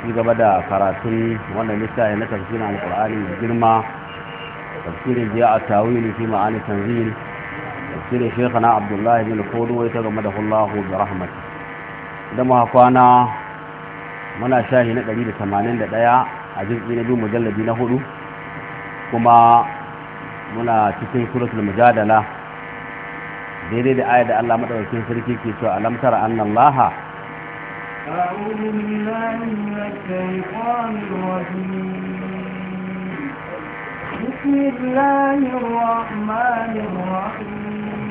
ci gaba da karatun wannan littafi na tafsirin alkur'ani da girma tafsirin jiya a tawili fi ma'ani tanzil tafsirin na abdullahi bin kodo wai ta game da hullahu da rahmat da muka kwana muna shahi na 181 a jirgi na biyu mujalladi na hudu kuma muna cikin suratul mujadala daidai da ayat da Allah madaukakin sarki ke cewa alam tara anna أعوذ بالله من الشيطان الرجيم بسم الله الرحمن الرحيم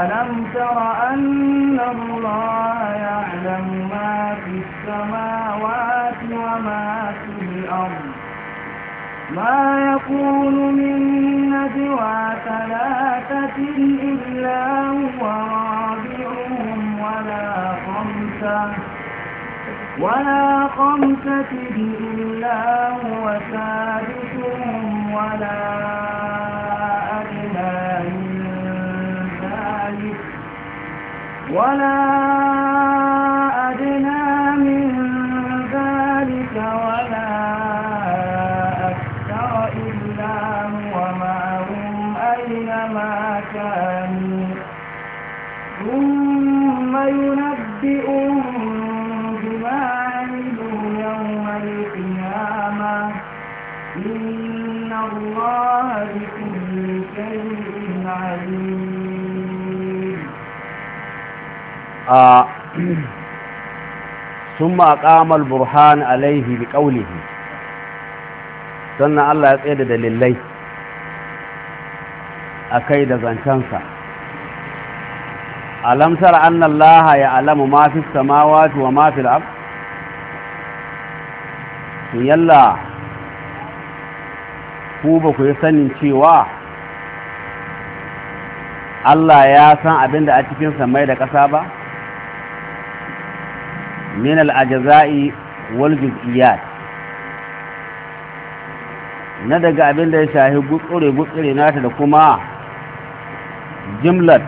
ألم تر أن الله يعلم ما في السماوات وما في الأرض ما يكون من نجوى ثلاثة إلا هو تسعهم ولا خمسة ولا خمسة إلا هو سادسهم ولا أدنى من ذلك ولا أدنى من ذلك ولا أكثر إلا هو معهم أينما كان ينبئهم بما عملوا يوم القيامة إن الله بكل شيء عليم آه. ثم أقام البرهان عليه بقوله sannan Allah ya tsaye da dalilai a kai da zancensa alam tara anna allaha ya'lamu ma fis samawati wa ma fil ard yalla ku ba ku sanin cewa Allah ya san abinda a cikin samai da ƙasa ba min al wal juz'iyat na daga abinda ya shahi gutsure gutsure nata da kuma jimlat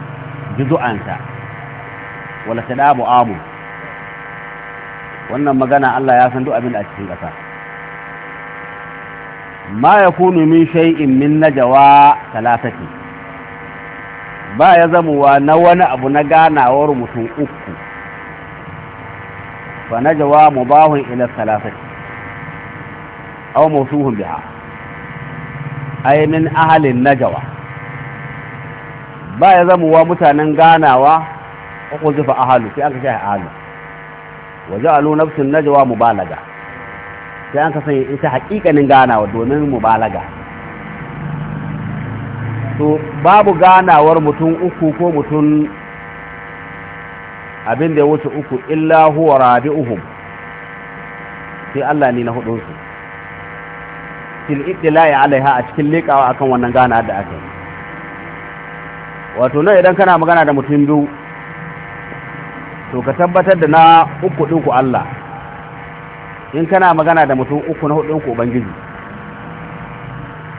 juzu'ansa wala tadabu amu wannan magana Allah ya san duk abin da a cikin ƙasa ma yakunu min shay'in min najwa talatati ba ya zamuwa na wani abu na ganawar mutum uku fa najwa mubahun ila talatati aw mawsuhun biha ay min ahli najwa ba ya wa mutanen ganawa ko a ahalu sai an ka shahi ahalu wa ja'alu nafsun najwa mubalaga sai an ka sanya ita haƙiƙanin ganawa domin mubalaga to babu ganawar mutum uku ko mutum abin da ya wuce uku illa huwa rabi'uhum sai Allah ne na hudunsu fil ittila'i alaiha a cikin leƙawa akan wannan ganawa da aka yi wato nan idan kana magana da mutum biyu to ka tabbatar da na uku ɗinku Allah in kana magana da mutum uku na huɗinku Ubangiji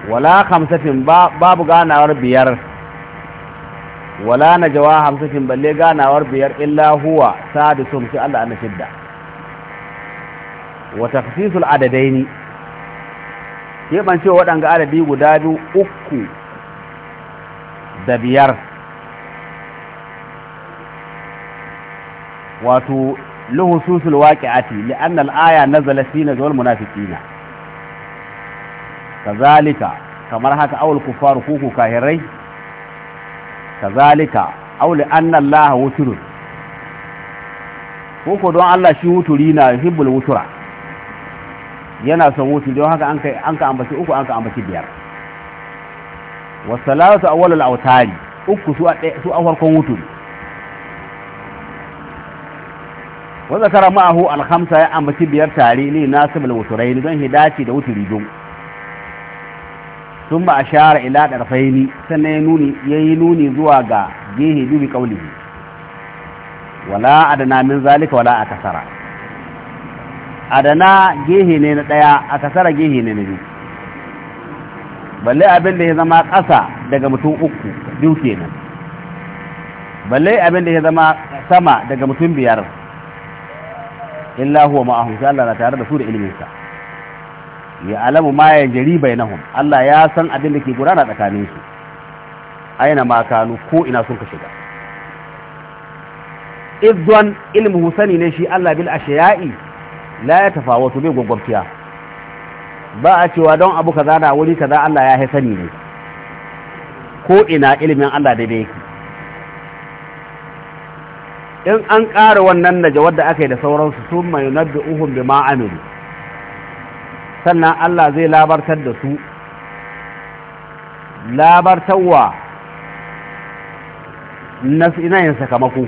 wala hamsatin babu ganawar biyar wala na jawa hamsatin balle ganawar biyar illa huwa sadisun sai Allah na shidda wa tafsisul adadaini keɓance waɗanga adadi guda biyu uku da biyar wato luhususul waqi'ati li'anna al-aya nazala fi najwal munafiqina kazalika kamar haka awul kufaru kuku kahirai kazalika aw li'anna allaha wuturun kuku don Allah shi wuturi na yuhibbul wutura yana son wuturi don haka an kai an ka ambaci uku an ka ambaci biyar wasalatu awwalul awtari uku su a su a farkon wuturi wa zakara ma'ahu alhamsa ya ambaci biyar tare ne nasibul wuturaini don hidaci da wuturi don sun ba a shara ila ɗarfaini sannan ya yi nuni zuwa ga gehe dubi kaulihi wala adana min zalika wala akasara adana gehe ne na ɗaya akasara gehe ne na biyu balle abin da ya zama ƙasa daga mutum uku biyu kenan balle abin da ya zama sama daga mutum biyar illa huwa ma'ahum sai Allah na tare da su da ilimin sa ya alamu ma ya jari bainahum Allah ya san abin da ke gudana tsakanin su aina ma kanu ko ina sun ka shiga idan ilmu husani ne shi Allah bil ashiya'i la ya tafawatu bai gwaggwabtiya ba a cewa don abu kaza da wuri kaza Allah ya sani ne ko ina ilimin Allah da yake in an ƙara wannan naja wadda aka yi da sauransu sun mai nabbi uhun bi ma'amilu sannan Allah zai labartar da su labartarwa na yin sakamako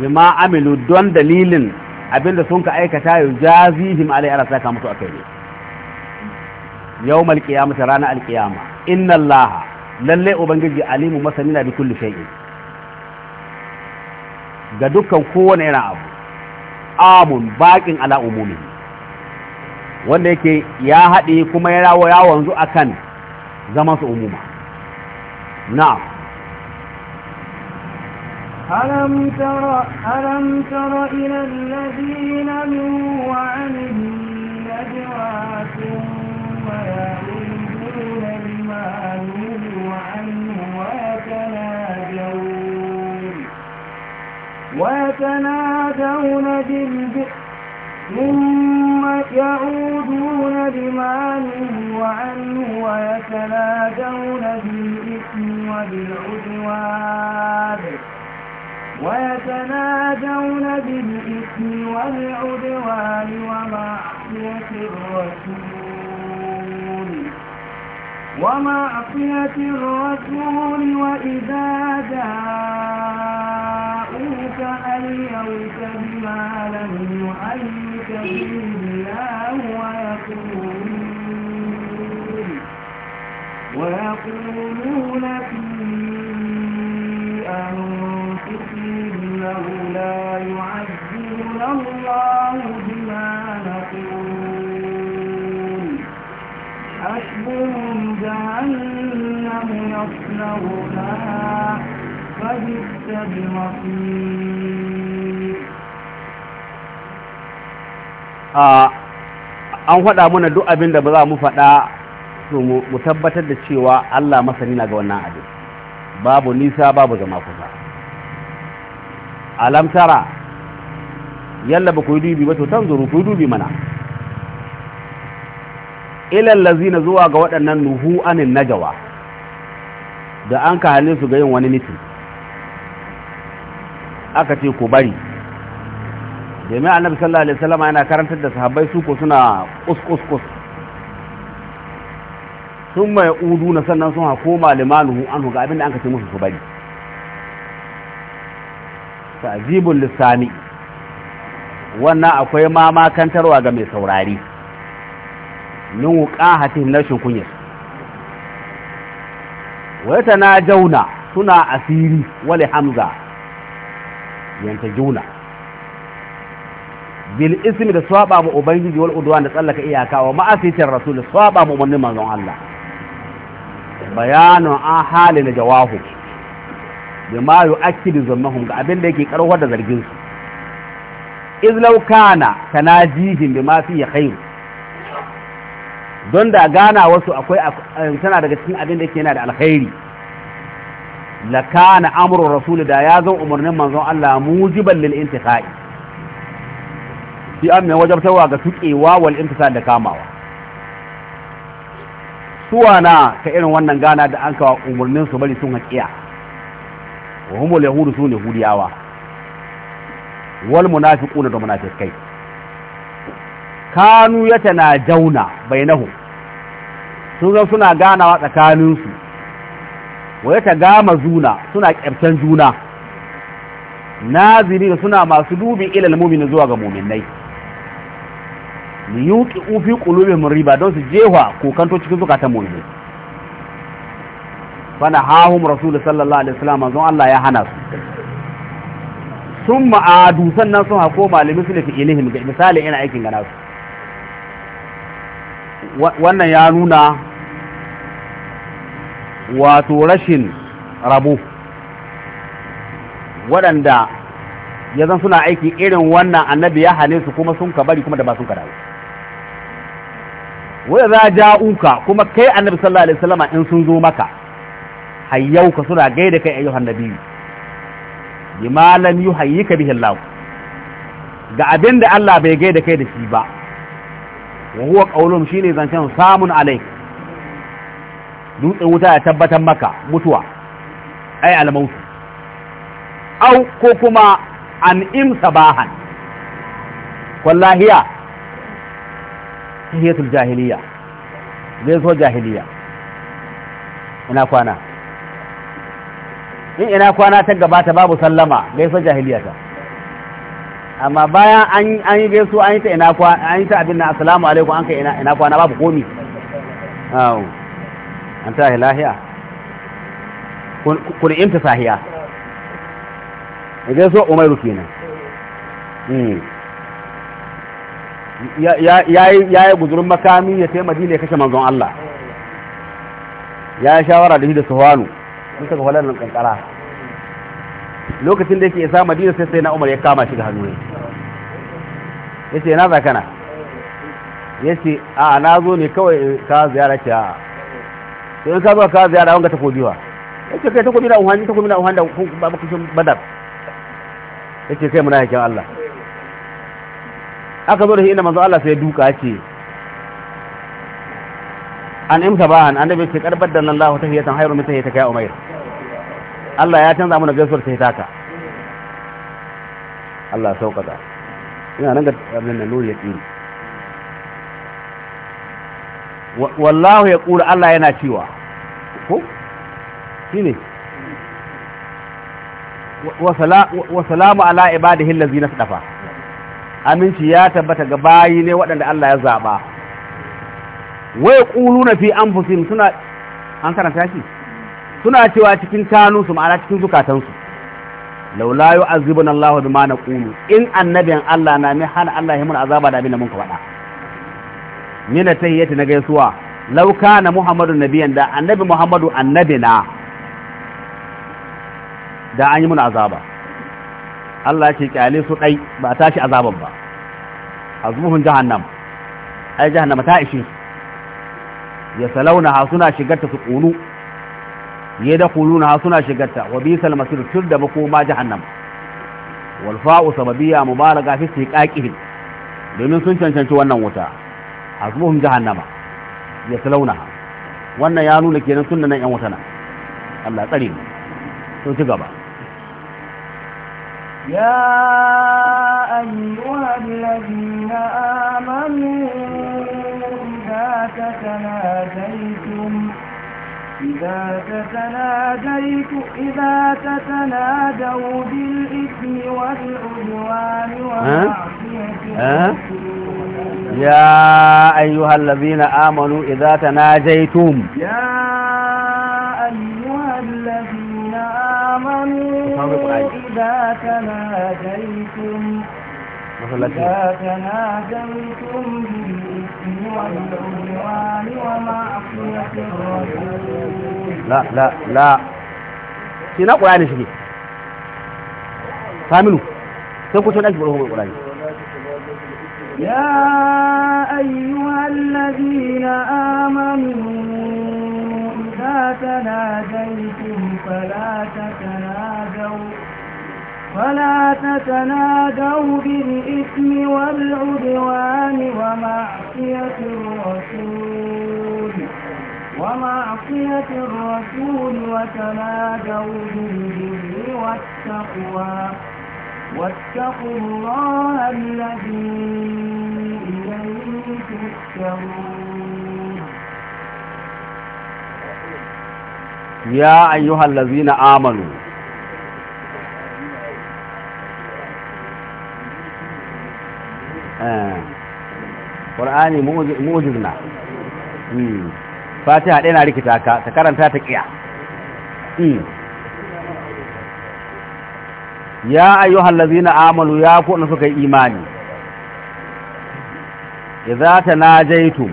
bi ma'amilu don dalilin abinda sun ka aikata yau jazihim alai ala saka a akai ne yau malkiyamata ranar alkiyama inna allaha lallai ubangiji alimu Masanina, na bi kulli shay'in ga dukkan kowane irin abu amun baƙin ala umumi wanda yake ya haɗe kuma ya rawo ya wanzu akan zaman su umuma na'am ألم تر ألم تر إلى الذين نهوا عن النجوى ثم يعودون لما ويتنادون بالبئر ثم يعودون بماله وعنه ويتنادون بالإثم والعدوان ويتنادون بالإثم والعدوان ومعصية الرسول ومعصية الرسول وإذا جاءوك أليوك بما لم يؤيك به الله ويقولون ويقولون في أنفسهم لولا يعذبنا الله وحسبهم جهنم يصلونها فبئس المصير an faɗa mana duk abin da ba za mu faɗa to mu tabbatar da cewa Allah masani na ga wannan abin babu nisa babu zama kusa alam yalla ba ku yi dubi ba to tanzuru ku yi dubi mana ilal lazina zuwa ga waɗannan nuhu anin najawa da an ka halin su ga yin wani mitin aka ce ku bari jami'a annabi sallallahu alaihi wasallam yana karantar da sahabbai su ko suna kus kus sun mai udu na sannan sun hako malimanuhu an ga abin da an ka ce musu su bari ta'zibul lisani wannan akwai mamakantarwa ga mai saurari min wuqahatihim na shukunya wa na jauna suna asiri wali hamza yanta juna bil ismi da swaba mu ubangiji wal udwan da tsallaka iyaka wa ma'asitin rasul swaba mu umarnin manzon Allah bayanu an hali na jawahu bi ma yu'akkidu zannahum ga abin da yake karwar da zargin su iz law kana tanajihim bima fi khairu don da gana wasu akwai eh, tana daga cikin abin da yake yana da alkhairi la kana amru rasul da ya zo umarnin manzon Allah mujiban lil intiqai shi amma wajabtawa ga tukewa wal intisal da kamawa na ka irin wannan gana da an kawo umarnin su bari sun haƙiya wa humul yahudu sun yahudiyawa wal munafiquna da munafikai kanu jauna bainahum sun zan suna ganawa tsakaninsu wai ta gama zuna suna ƙyarcen juna naziri suna masu dubi ilal mumini zuwa ga muminai yuki ufi mu riba don su jewa kokanto cikin zukatan mu'mini Fana hahum rasul sallallahu alaihi wasallam manzon Allah ya hana su sun ma'adu sannan sun hako malami su lafi ilihim misali ina aikin gana wannan ya nuna wato rashin rabo waɗanda ya zan suna aiki irin wannan annabi ya hane su kuma sun ka bari kuma da ba sun ka dawo wai za a ja'uka kuma kai annabi sallallahu alaihi wasallama in sun zo maka hayyauka suna gai da kai ayyuhan nabiyyu bima lam ka bihi Allah ga abinda Allah bai gai da kai da shi ba wa huwa shi shine zancen samun alaik dutse wuta ya tabbatar maka mutuwa ai almautu au ko kuma an im sabahan wallahiya tahiyatul jahiliya zai so jahiliya ina kwana in ina kwana ta gabata babu sallama gaiso jahiliya ta amma bayan an yi gaiso an yi ta ina kwana an yi ta abin na assalamu alaikum an kai ina kwana babu komi an ta lahiya kun imta sahiya idan so umaru kenan hmm. ya yi guzurin makami ya ce madina ya kashe manzon Allah ya yi shawara da shi da suhanu sun saka kwalar nan kankara lokacin da yake isa madina sai sai na umar ya kama shi da hannu ne ya ce na zakana ya ce a na zo ne kawai ka ziyara ce a to in ka zo ka ziyara wanga takobi wa yace kai takobi na uhanni takobi na uhan da ba ku shin badar yace kai muna yakin Allah aka zo da shi inda manzo Allah sai duka yace an imta ba an annabi ce karbar da Allah ta hiyatan hayru min tahiyata kai umair Allah ya canza mana gaisuwar ta hitaka Allah saukata ina nan ga abin nan nuri ya tsiri wallahu ya kula Allah yana cewa ko shi ne wa salamu ala ibadihi su sadafa aminci ya tabbata ga bayi ne waɗanda Allah ya zaɓa. Wai ƙulu na fi suna an karanta shi suna cewa cikin kanu ma'ana cikin zukatansu laula yu'azzibuna Allah mana ƙulu in annabiyan Allah na mai hana Allah ya mun azaba da abin da mun ka faɗa yi yadda na gaisuwa lauka na muhammadu nabiyan da annabi muhammadu annabi na da an yi muna azaba Allah ce kyale ɗai ba ta shi azaban ba azmuhun jahannam ai jahannama ta ishe su ya salauna ha suna shigarta su ƙunu ya da ƙununa ha suna shigarta wa masir tur da walfa'u sababiya mubaraka fi su yi domin sun cancanci wannan wuta azmuhun jahannama ya salaunaha wannan ya nuna kenan sunna nan yan watana Allah tsare mu to ci gaba ya ayyuhal ladina amanu إذا تتناجيتم إذا تتناجوا بالإثم والعدوان ومعصية يا أيها الذين آمنوا إذا تناجيتم يا أيها الذين آمنوا إذا تناجيتم إذا تناجيتم بالإثم والعدوان ومعصية الرسول لا لا لا شنو القرآن شنو كاملوا سنكون شنو هو القرآن يا أيها الذين آمنوا إذا تناجيتم فلا تتناجوا فلا تتناجوا بالإثم والعدوان ومعصية الرسول ومعصية الرسول وتناجوا بالبر والتقوى واتقوا الله الذي إليه تحشرون يا أيها الذين آمنوا القرآن آه. موجزنا فاتحة لنا لكتاكا تكرم فاتك إياه ya ayyuhal ladzina amanu ya ku suka yi imani idza tanajaytum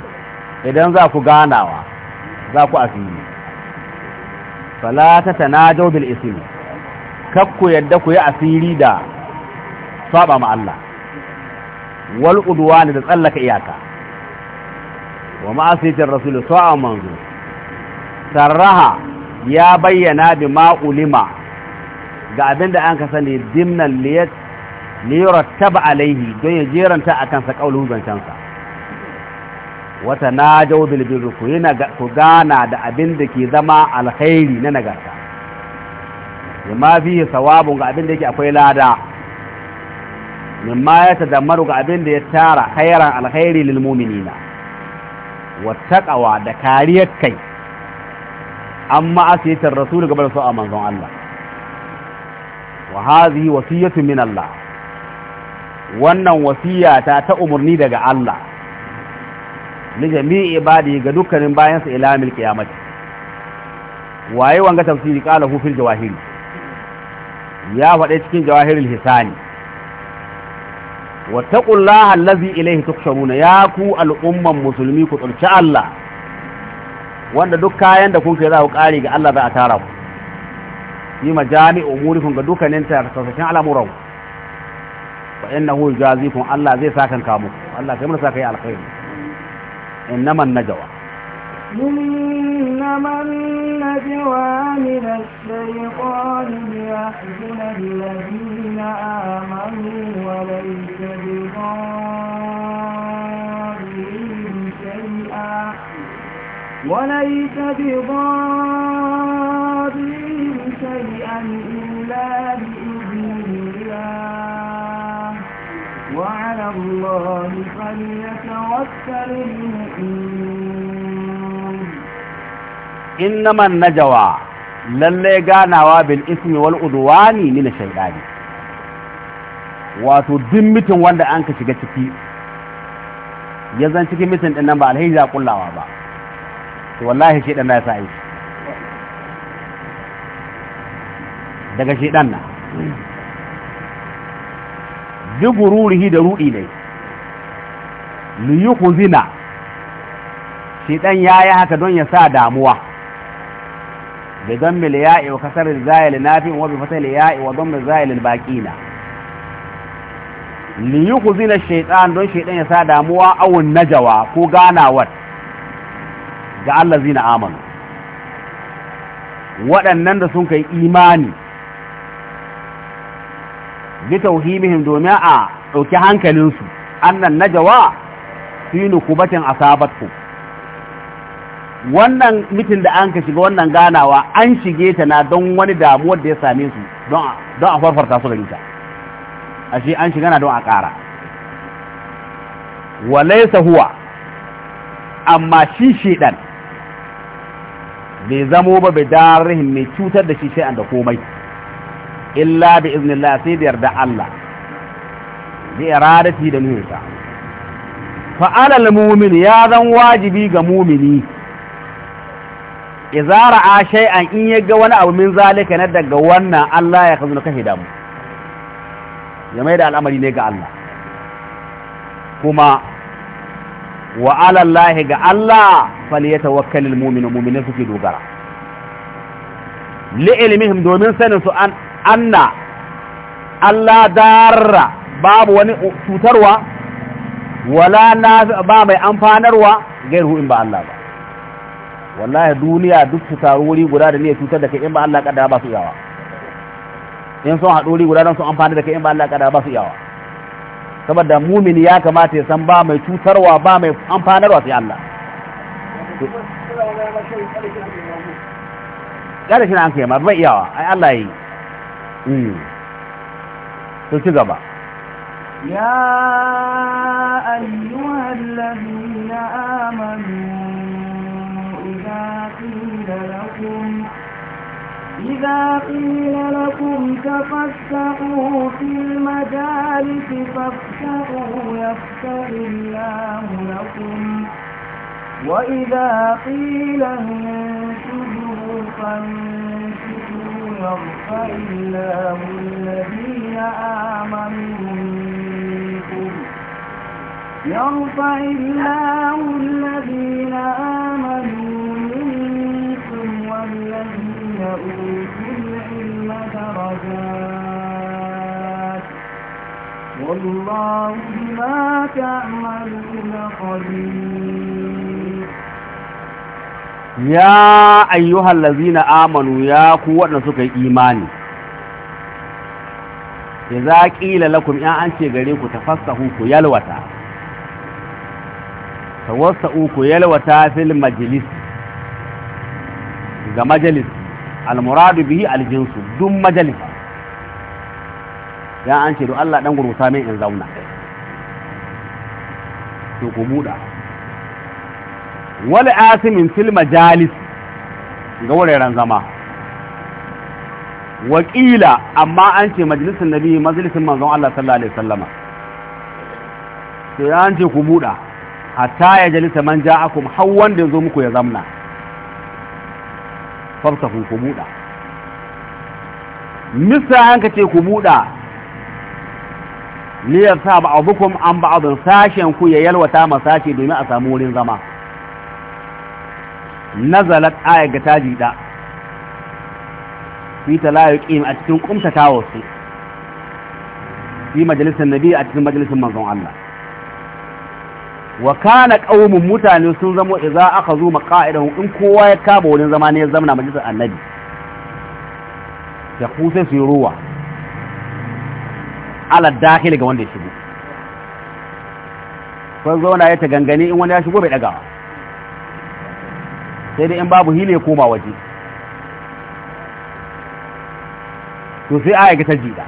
idan za ku ganawa za ku asiri fala ta bil ismi kakku yadda ku yi asiri da saba ma Allah wal udwan da tsallaka iyaka wa ma'asiyatir rasul sa'a manzu sarraha ya bayyana bi ma ulima ga abinda an ka sani dimnan liyat liyurattaba alaihi don ya jeranta a kansa kaulun zancensa wata na jaudul birru ku yi ku gana da abin da ke zama alkhairi na nagarta yamma fihi sawabun ga abin da akwai lada mimma ya tadammaru ga abin da ya tara khairan alkhairi lil mu'minina wattaqawa da kariyar kai amma asiyatar rasul gaban su a manzon Allah wa hadhihi wasiyatu min Allah wannan wasiya ta ta umurni daga Allah li jami'i ibadi ga dukkanin bayan sa ila mil qiyamati waye wanga tafsiri qala hu fil jawahiri ya fada cikin jawahirul hisani wa taqullaha allazi ilayhi tuhsharuna ya ku al'umman musulmi ku tsurci Allah wanda duk kayan da kun kai za ku kare ga Allah za a tara ku نيما جامع أموركم قدوكا ننتا تتسكن على مرو فإنه يجازيكم الله زي ساكن كامو الله كامل ساكن على خير إنما النجوى إنما النجوى من الشيطان ليحزن الذين آمنوا وليس بضارهم شيئا وليس بضارهم شيئا إلا بإذن الله وعلى الله فليتوكل المؤمنون إنما النجوى للي ganawa bil ismi wal udwani wato duk mutum wanda an ka shiga ciki ya zan cikin mutum ɗin nan ba alhaji ya kullawa ba to wallahi shi dan sa aiki daga shiɗan na bi gururihi da ruɗi ne li shiɗan ya yi haka don ya sa damuwa don mil liya'i wa kasar zayil fi wa bi fatali ya'i wa dammi zayil baqina li yukhzina shaytan don shaytan ya sa damuwa na najawa ko ganawar ga Allah zina amanu waɗannan da sun kai imani bi tauhimihim domin a ɗauki hankalinsu annan najawa fi nukubatin asabatku wannan mitin da an ka shiga wannan ganawa an shige ta na don wani damuwar da ya same su don a farfarta su da nita a shi an shiga na don a ƙara walai huwa amma shi shedan bai zamo ba bai darihin mai cutar da shi sai an da komai illa bi iznillah sai da yarda Allah bi iradati da nuhinsa fa alal mu'min ya zan wajibi ga mu'mini idza ra'a shay'an in yaga wani abu min zalika na daga wannan Allah ya kazo kashe damu ya mai da al'amari ne ga Allah kuma wa alallahi ga Allah falyatawakkalul mu'minu mu'minin suke dogara li ilmihim domin sanin su an anna Allah darra babu wani cutarwa wala na ba mai amfanarwa gairu in ba Allah ba wallahi duniya duk su taru wuri guda da ne cutar da kai in ba Allah kada ba su yawa in sun haɗu wuri guda don sun amfani da kai in ba Allah kada ba su yawa saboda mumini ya kamata ya san ba mai cutarwa ba mai amfanarwa sai Allah kada shi na an kai ma ba iyawa ai Allah yi to ci بقى يا أيها الذين آمنوا إذا قيل لكم إذا قيل لكم تفسحوا في المجالس فافسحوا يفسح الله لكم وإذا قيل انشدوا فانشدوا إلا هو الذين آمنوا منكم يرفع الله الذين آمنوا منكم والذين أوتوا العلم درجات والله بما تعملون خبير ya ayyuhal lazina amanu ya ku waɗanda suka yi imani ya za ƙila lakum ya an ce gare ku tafassahu ku yalwata tawassa'u ku yalwata fil majalis ga majalis almuradu bihi aljinsu duk majalis ya an ce don Allah ɗan gurgusa mai in zauna to ku buɗa wal asimin fil majalis ga wuraren zama wakila amma an ce majalisun nabi majalisun manzon Allah sallallahu alaihi wasallama sai an ce ku buda hatta ya jalisa man ja'akum har wanda yazo zo muku ya zamna fafsahu ku buda misa an ka ce ku buda liyar sa ba'adukum an ba'adun sashen ku ya yalwata masashi domin a samu wurin zama nazalat aya ga taji da fi talayuqim a cikin kumtatawa su fi majalisar nabi a cikin majalisar manzon Allah wa kana qaumun mutane sun zamo idza akhazu maqa'idahum in kowa ya kaba wurin zama ne ya zama majalisar annabi ya kusa su ruwa ala dakhil ga wanda ya shigo ko zauna ya ta gangane in wani ya shigo bai dagawa sai dai in babu hili ya koma waje to sai aya ga tajida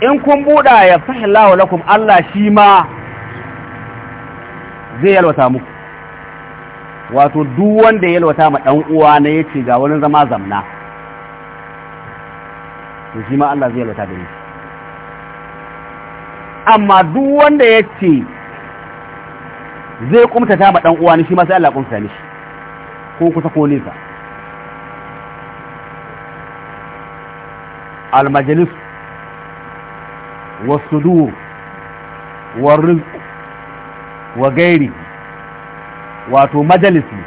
in kun buɗa ya fahimlahu lakum Allah shi ma zai yalwata muku wato duk wanda ya yalwata ma ɗan uwa na yace ga wani zama zamna to shi ma Allah zai yalwata da shi amma duk wanda yace zai kumtata ma baɗan uwa ne shi ma sai Allah kumta shi, ko kusa ko nesa al majlis Wa sudur Wa rizq wa gairi wato majalisi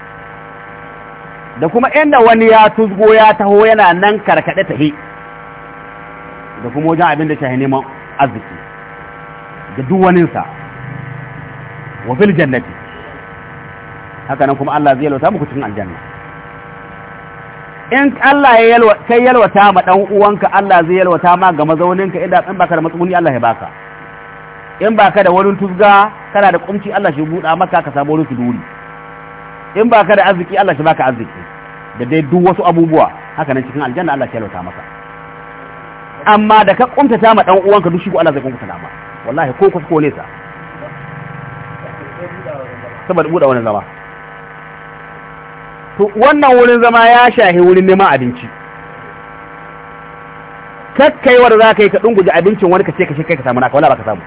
da kuma inda wani ya tuzgo ya taho yana nan karkade tahi da kuma wajen abin da shi neman arziki da duk waninsa wa fil jannati haka nan kuma Allah zai yalwata muku cikin aljanna in Allah ya yalwa kai yalwata ma dan uwanka Allah zai yalwata ma ga mazauninka idan in baka da matsuguni Allah ya baka in baka da wani tuzga kana da kumci Allah shi buɗa maka ka samu wani duri in baka da arziki Allah shi baka arziki da dai duk wasu abubuwa haka nan cikin aljanna Allah shi yalwata maka amma da ka kumtata ma dan uwanka duk shi ko Allah zai kumtata ma wallahi ko kusa ko nesa saboda buɗe wani zama to wannan wurin zama ya shahi wurin neman abinci kakkaiwar za ka yi ka ɗunguje abincin wani ka ce ka shi kai ka samu naka wala baka samu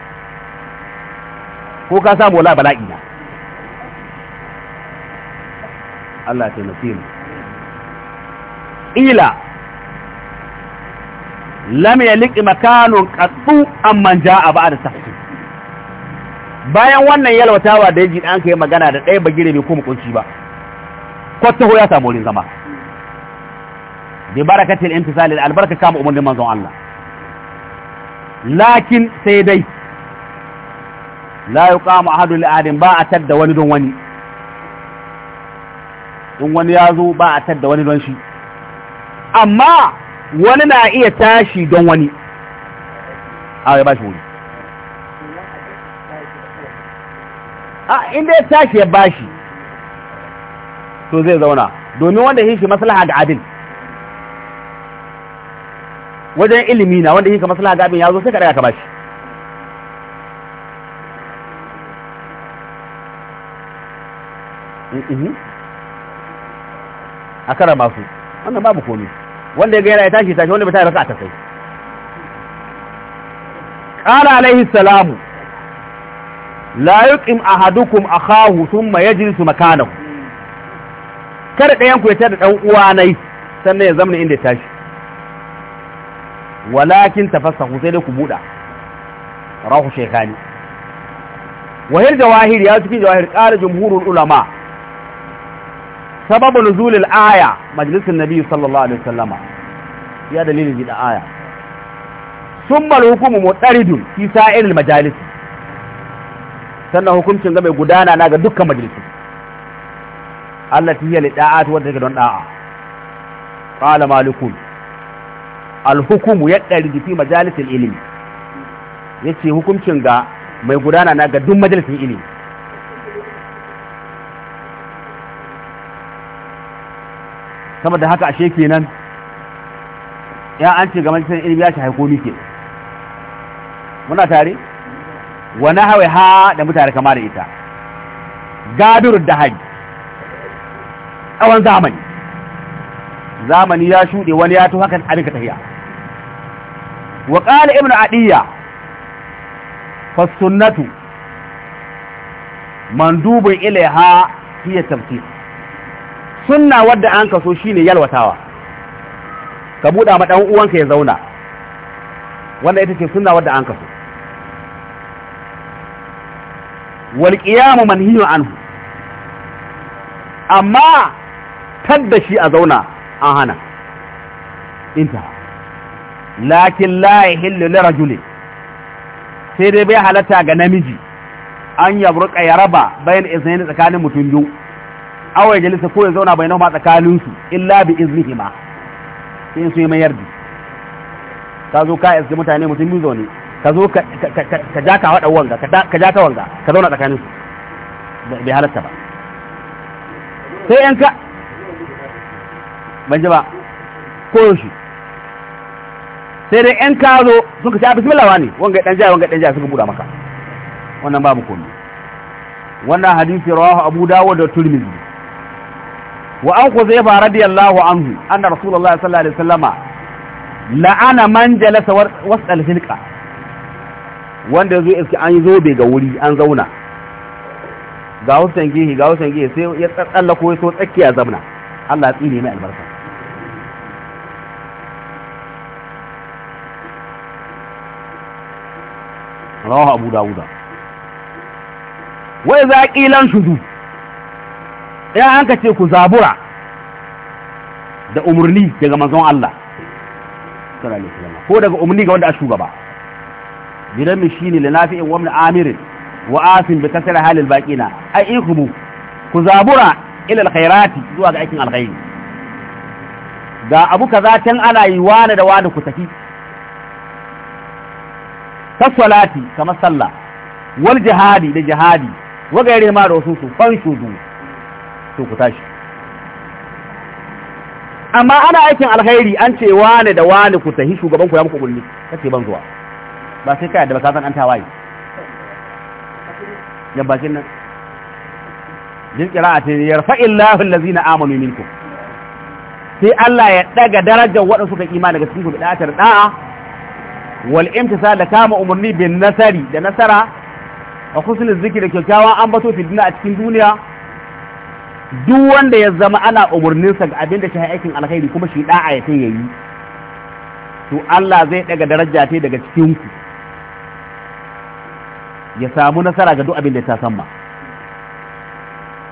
ko ka samu wala bala'i na Allah ya taimake mu ila lam yalik makanun qattu amman jaa ba'da tafsir bayan wannan yalwatawa da yaji an kai magana da ɗaya bagire bai kuma kunci ba kwattaho ya samu wurin zama bi barakatil intisali albarka kama umarnin manzon Allah lakin sai dai la yuqamu ahadu li ahadin ba a tadda wani don wani in wani ya zo ba a tadda wani don shi amma wani na iya tashi don wani a ya ba shi wuri a inda ya tashi ya bashi to zai zauna domin wanda yake maslaha ga abin wajen ilimi na wanda yake maslaha ga abin ya zo sai ka daga ka bashi mm, mm-hmm. a kara masu wannan babu komi wanda ya gaira ya tashi tashi wanda bai yi rasa ta sai ƙara alaihi salamu la yuqim ahadukum akahu thumma yajlisu makanahu Kar ɗayan ku ya tada dan uwa nai sannan ya zamana inda ya tashi walakin tafassahu sai dai ku buda rahu shaykhani wahir jawahir ya cikin jawahir qala jumhurul ulama sababu nuzulil aya majlisun nabi sallallahu alaihi wasallama ya dalilin gida aya summa al-hukmu mutaridun fi sa'iril majalis sannan hukuncin ga mai gudana na ga dukkan majalisi Allah ta yi da'at wanda take don da'a qala malikun al-hukmu yadari fi majalisil ilmi yace hukuncin ga mai gudana na ga duk majalisin ilimi. saboda haka ashe kenan ya an ce ga majalisin ilimi ya shi haiko ke muna tare wa nahawi ha da mutane kama da ita da Haji, tsawon zamani zamani ya shuɗe wani ya tuwa haka abin ka tafiya wa qala ibnu adiyya fa sunnatu ilai ha hiya tafsir sunna wadda an kaso shine yalwatawa ka buɗa ma ɗan uwanka ya zauna wanda ita ce sunna wadda an kaso wal qiyamu manhiyun anhu amma tadda shi a zauna an hana inta lakin la yahillu li rajulin sai dai bai halatta ga namiji an yabruka ya raba bayan izini tsakanin mutum biyu awai jalisa ko ya zauna bainahuma tsakanin su illa bi iznihima sai su yi mayar ka zo ka iske mutane mutum biyu zaune ka zo ka ja ka waɗa wanga ka ja ta wanga ka zauna tsakanin su bai halatta ba sai yan ban ji ba koyo shi sai dai yan ka zo sun ka ci abin bilawa ne wanga ɗan jaya wanga ɗan jaya suka buɗa maka wannan babu komi wannan hadisi rawahu abu dawud da turmizi wa an khuzaifa radiyallahu anhu anna rasulullahi sallallahu alaihi wasallama la'ana man jalasa wasal hilqa wanda ya zo iske an yi zobe ga wuri an zauna ga wasan gihi ga wasan gihi sai ya tsalla ko so tsakiya zamna Allah ya tsine mai albarka rawahu abu dawuda wa idza qilan shudu ya an ka ce ku zabura da umurni daga manzon Allah sallallahu alaihi wasallam ko daga umurni ga wanda a shugaba bidan mishini da nafi'in wa amirin wa asin bi kasar halil baqina ai ihumu ku zabura ila alkhairati zuwa ga aikin alkhairi ga abu kaza can ana yi wani da wani ku tafi salati kamar sallah wal jihadi da jihadi wa gaire ma da wasu su fan shudu to ku tashi amma ana aikin alkhairi an ce wani da wani ku tafi shugaban ku ya muku bulli kace ban zuwa ba sai ka da ba ka san an tawaye bakin nan jin qira'atin yarfa'illahu allazina amanu minkum sai Allah ya daga darajar waɗanda suka imani daga cikin ku da ta da'a wal da kama umarni bin nasari da nasara wa zikin zikri kyakkyawan ambato fi a cikin duniya duk wanda ya zama ana umarninsa ga abinda da shi aikin alkhairi kuma shi da'a ya yayi to Allah zai daga daraja ta daga cikin ku ya samu nasara ga duk abin da ya san ma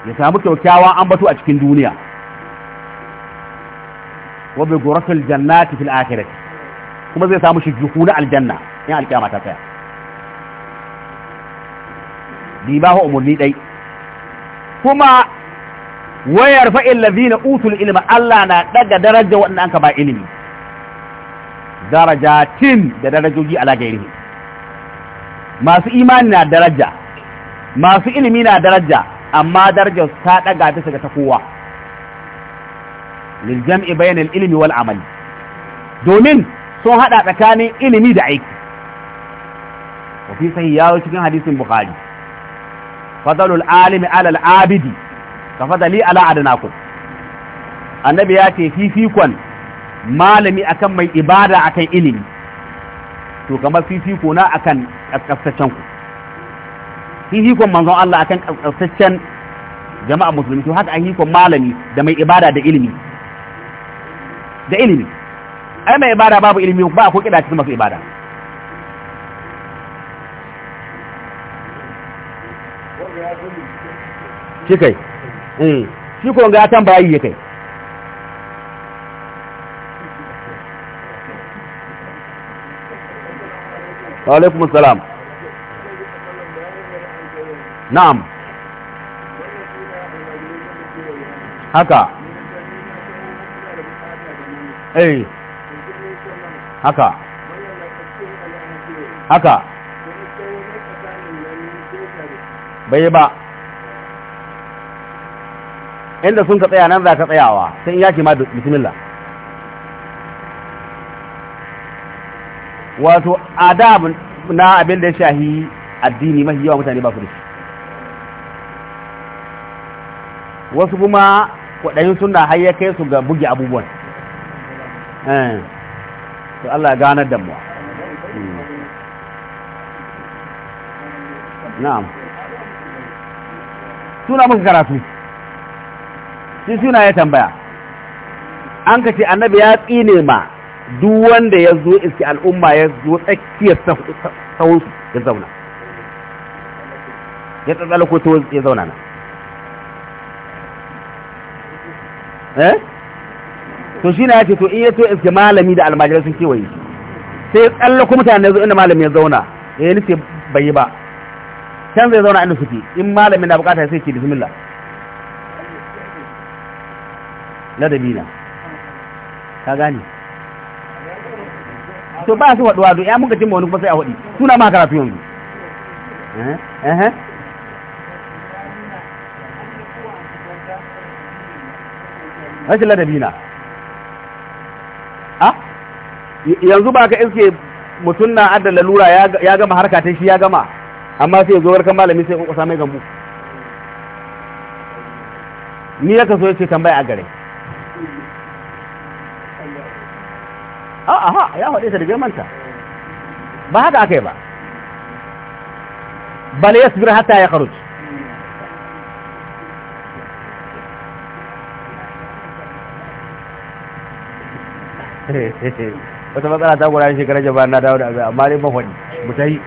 ya samu kyaukyawan ambato a cikin duniya wa bi ghuratil jannati fil akhirati kuma zai samu shijuhu na aljanna in alkiyama ta tsaya dibahu umurni dai kuma wayar fa'il ladina utul ilma Allah na daga daraja wanda ka ba ilimi darajatin da darajoji ala gairihi masu imani na daraja masu ilimi na daraja amma darajar ta ɗaga bisa ga ta kowa lil jam'i bayan ilimi wal amali domin sun haɗa tsakanin ilimi da aiki wa fi sahih cikin hadisin bukhari fadalul alimi ala abidi ka fadali ala adnakum annabi ya ce fifikon malami akan mai ibada akan ilimi to kamar fifiko na akan kaskaftaccen ku fifikon manzon Allah akan kaskaftaccen jama'a musulmi to haka afikon malami da mai ibada da ilimi da ilimi ai mai ibada babu ilimi ba ko kida cikin masu ibada shi kai hmm. shi ko ga tan bayi kai alaikum salam na'am haka eh haka haka bai ba inda sun ka tsaya nan za ka tsayawa sai ya ma bismillah wato adab na abin da ya shahi addini mafi yawa mutane ba su da shi wasu kuma kwaɗayin suna har ya kai su ga buge abubuwan eh, to Allah gane da mu na'am suna muka karatu shi suna ya tambaya an ka ce annabi ya tsine ma duk wanda ya zo iske al'umma ya zo tsakiyar sahun ya zauna ya tsatsala ko ta ya zauna na eh to shi na ya ce to iya to iske malami da almajirai sun kewaye sai ya tsalla kuma mutane zo inda malami ya zauna ya yi nufi bai yi ba can zai zauna inda suke in malami na bukata sai ke bismillah ladabi na ka gane to ba su waduwa do ya muka jin wani kuma sai a wadi suna ma karatu yanzu eh, eh, eh. rashin ladabi na a ah? yanzu ba ka iske mutum na adda lalura ya gama harka ta shi ya gama amma sai zuwar kan malami sai kwakwasa mai gambu ni ya kaso ya ce tambaya a gare aha ya faɗe ta da bai manta ba haka aka yi ba bal yasbir hatta ya kharuj wata matsala ta gudanar shekarar jaba na dawo da abin amma dai mahwani mu ta yi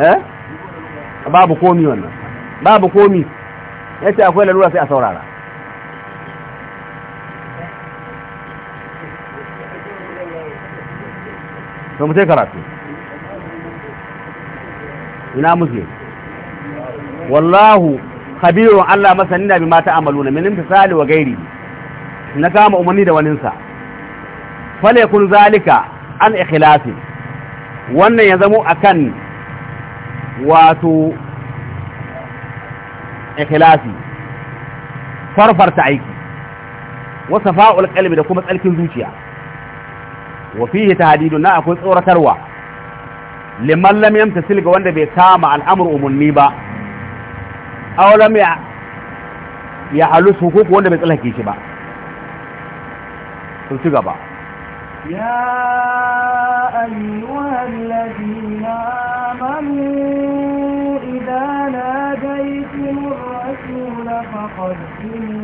eh? babu komi wannan babu komi yace akwai lalura sai a saurara to mu karatu ina muke wallahu khabirun Allah masani da bi mata amaluna min imtisali wa gairi na kama umarni da waninsa fale kun zalika an ikhlasi wannan ya zamo akan wato ikhlasi farfarta aiki wasa fa'ul qalbi da kuma tsalkin zuciya wa fihi tahdidun na akwai tsoratarwa liman lam yamtasil ga wanda bai sama al'amru umarni ba aw lam ya ya halus hukuku wanda bai tsallake shi ba sun ci gaba يا أيها الذين آمنوا إذا ناديتم الرسول فقدموا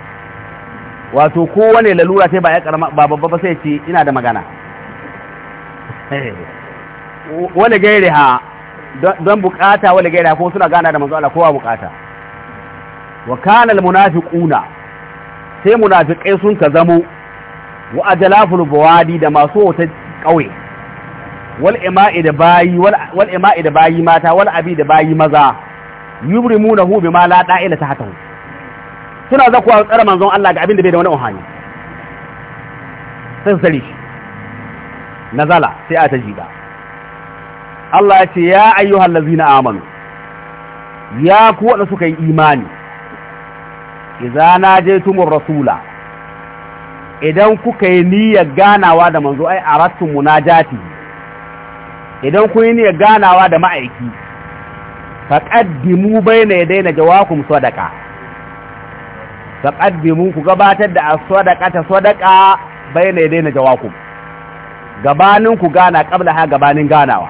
wato kowane lalura sai ba ya karama ba babba ba sai ce ina da magana eh. wani gairi ha don bukata wani gairi ha ko suna gana da manzo Allah kowa bukata wa kana munafiquna sai munafiqai sun ka zamo wa ajlaful bawadi da masu wata kauye wal ima'i da bayi wal ima'i da bayi mata wal abi da bayi maza yubrimuna hu bima la da'ila tahtahu suna zakuwa tsara manzon Allah ga abin da bai da wani ohani sai sare shi nazala sai a ta jiba Allah ya ce ya ayyuha allazina amanu ya ku wanda suka yi imani idza najaytumur rasula idan kuka yi niyyar ganawa da manzo ai aratu munajati idan kun yi niyyar ganawa da ma'aiki faqaddimu bayna yadayna jawakum sadaqah faqaddimu ku gabatar da as bai sadaqa dai na jawaku. gabanin ku gana ƙabla ha gabanin ganawa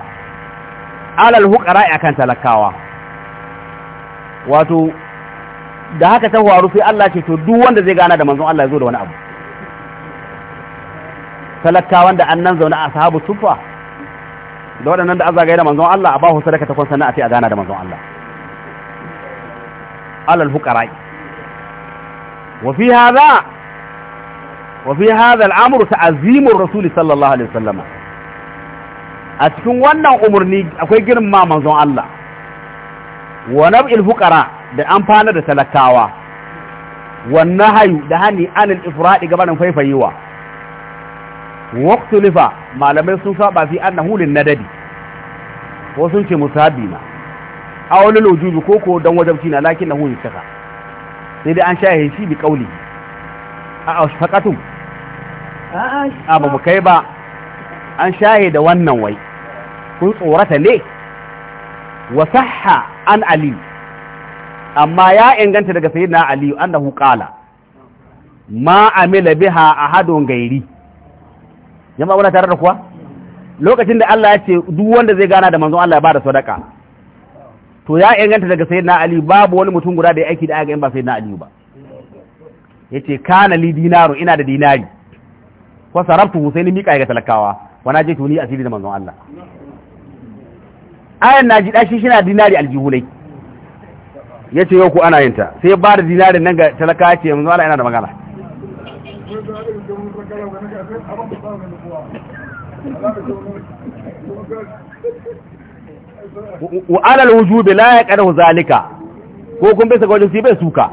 alal huqara akan talakawa wato da haka ta faru sai Allah ce to duk wanda zai gana da manzon Allah ya zo da wani abu talakawan da annan zaune a sahabu tufa da waɗannan da azaga da manzon Allah a bahu sadaka ta kon sana'a sai a gana da manzon Allah alal huqara وفي هذا وفي هذا الأمر تعظيم الرسول صلى الله عليه وسلم أتكون وانا أمرني أكوي جرم ما منزون الله ونبع الفقراء da amfana da talakawa wannan hayu da hani anil ifradi gabanin faifayewa waktulifa malamai sun saba fi annahu lin nadadi ko sun ce musabi awlul wujubi koko dan wajabci na lakin nahu yusaka sai dai an shahe shi bi kauli a ashfaqatum a ba kai ba an shahe da wannan wai kun tsorata ne wa sahha an ali amma ya inganta daga sayyidina ali annahu qala ma amila biha ahadun gairi jama'a muna tare da kuwa lokacin da Allah ya ce duk wanda zai gana da manzon Allah ya bada sadaka to ya inganta daga na ali babu wani mutum guda da ya aiki da aka ba na ali ba ce kana li dinaru ina da dinari kuma sarabtu sai ni mika ga talakawa wana je tuni asiri da manzon Allah ayan ji dashi shi na dinari aljihulai ce yau ku ana yin ta sai ba da dinarin nan ga talakawa ce manzon Allah yana da magana wa alal wujubi la yaqdahu zalika ko kun bisa ga wajen bai suka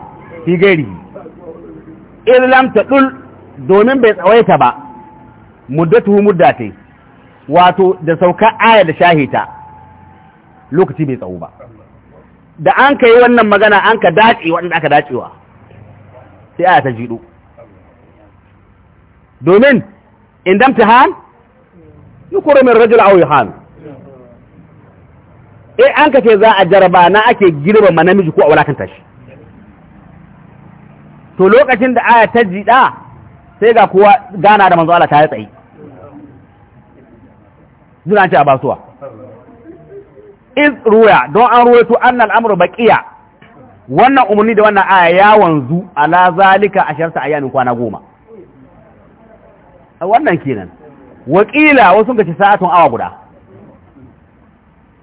fi gairi in lam tadul domin bai tsawaita ba muddatu muddate wato da sauka aya da shahita lokaci bai tsawo ba da an kai wannan magana an ka dace wanda aka dacewa sai aya ta jido domin in tahan yukuru min rajul aw yahan eh an ka ce za a jaraba na ake girba ma namiji ko a walakanta shi to lokacin da aya ta jida sai ga kowa gana da manzo Allah ta tsaye zuna ce a basuwa iz ruya don an to annal amru baqiya wannan umarni da wannan aya ya wanzu ala zalika asharta ayamin kwana goma wannan kenan wakila wasu ga ci sa'atun awa guda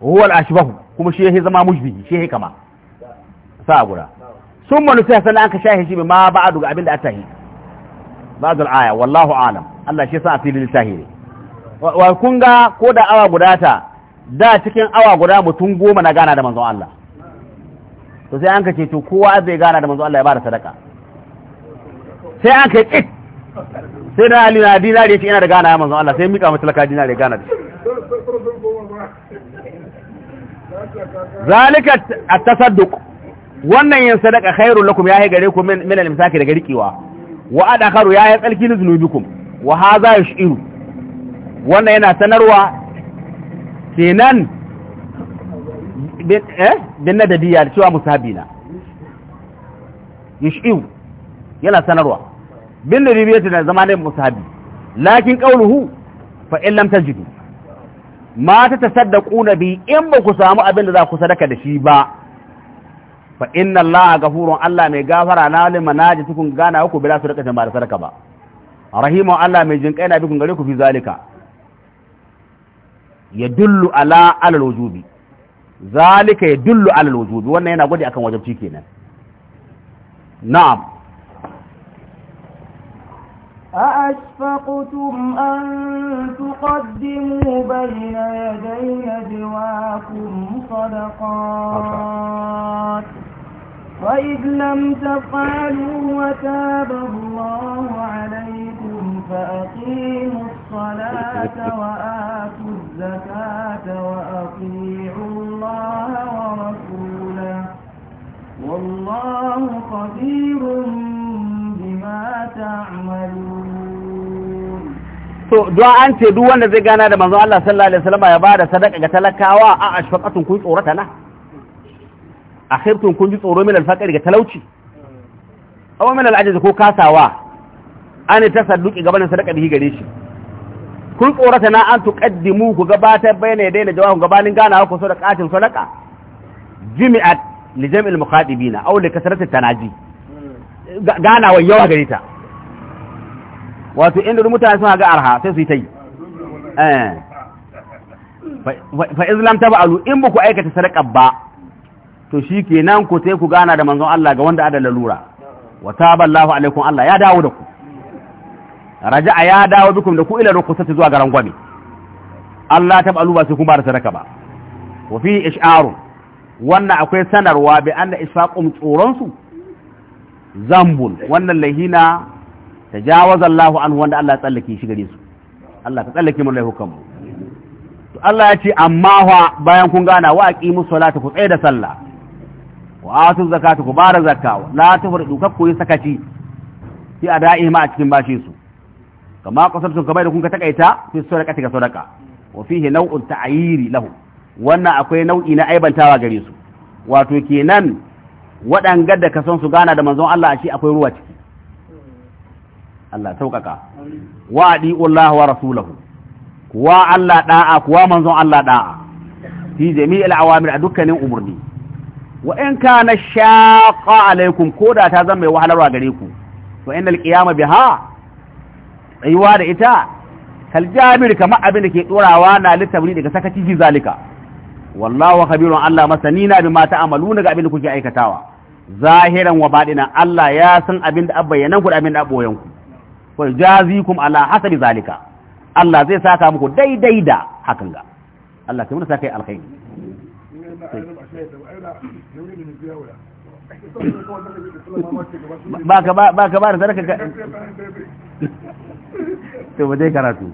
huwal ashbahu kuma shi yake zama mushbihi shi yake kama sa guda sun manu sai an ka shahi shi ma ba'du ga abinda atahi ba'd al-aya wallahu alam Allah shi sa fili tahiri wa kun ga ko da awa guda ta da cikin awa guda mutum goma na gana da manzon Allah to sai an ka ce to kowa zai gana da manzon Allah ya bada sadaka sai an ka kit sai na Ali na dinari ya ce ina da gana ya manzon Allah sai mika mutalaka dinari ya gana da shi zalika at-tasadduq wannan yin sadaka khairu lakum ya gare ku min al-misaki daga rikewa wa adakharu yahi tsalki ni zunubikum wa hadha yashiru wannan yana sanarwa kenan bin eh, nadadiya cewa musabina yashiru yana sanarwa bin nadadiya tana zama ne musabi lakin qawluhu fa in lam tajidu mata ta saddaƙuna bi in ba ku samu abin da za ku sadaka da shi ba fa inna Allah gafurun Allah mai gafara na lima na ji tukun gana ku bila su rikacin ba da sadaka ba rahimun Allah mai jinƙai na bi gare ku fi zalika ya dullu ala alal wujubi zalika ya dullu alal wujubi wannan yana gwadi akan wajabci kenan na'am أأشفقتم أن قدموا بين يدي نجواكم صدقات وإذ لم تفعلوا وتاب الله عليكم فأقيموا الصلاة وآتوا الزكاة وأطيعوا الله ورسوله والله خبير بما تعملون so don an ce duk wanda zai gana da manzon Allah sallallahu alaihi wasallam ya bada sadaka ga talakawa a ashfaqatun kun tsorata na akhirtun kun ji tsoro min alfaqari ga talauci aw min alajiz ko kasawa an tasadduqi gaban sadaka bihi gare shi kun tsorata na an tuqaddimu ku gabatar bayana daina jawabin gabanin gana ku so da katin sadaka jimi'at li jam'il muqadibina aw li kasratit tanaji ganawa yawa gare ta wato inda mutane suna ga arha sai su yi ta yi eh. fa islam ta ba'alu in ba ku aikata sadaka ba to shi kenan ku sai ku gana da manzon Allah ga wanda ada lalura wa taballahu alaikum Allah ya dawo da ku raja'a ya dawo bikum da ku ila rukusati zuwa garan gwabi Allah ta ba'alu ba sai kun ba da sadaka ba wa fi ish'aru wannan akwai sanarwa bi anna isfaqum tsoron su zambul wannan lahina tajawaza Allahu anhu wanda Allah ya tsallake shi gare su Allah ka tsallake mu laifukan mu to Allah ya ce amma fa bayan kun gana wa aqimu salata ku tsaya da sallah wa atu zakata ku bara zakka la tafridu kakku yi sakaci fi ada'i ma a cikin bashi su kama qasartu kamar da kun ka takaita fi sadaqati ga sadaqa wa fihi naw'un ta'yiri lahu wannan akwai nau'i na aibantawa gare su wato kenan waɗanga da ka san su gana da manzon Allah a shi akwai ruwa ciki Allah sauƙaƙa wa adi'ullah wa rasulahu wa Allah ɗa'a kuwa manzon Allah da'a fi jami'il awamir a dukkanin umarni wa in kana shaqa alaikum koda ta zama mai wahalarwa gare ku to innal qiyama biha aiwa da ita kal jabir kamar abin da ke dorawa na litabri daga sakaci ji zalika wallahu khabirun Allah masanina bima ta'maluna ga abin da kuke aikatawa zahiran wa badina Allah ya san abin da abbayanan ku da abin da aboyan ku wa jazikum ala hasabi zalika Allah zai saka muku daidai da hakan ga Allah kai mun saka alkhairi ba ka ba ka ba da zarka to ba dai karatu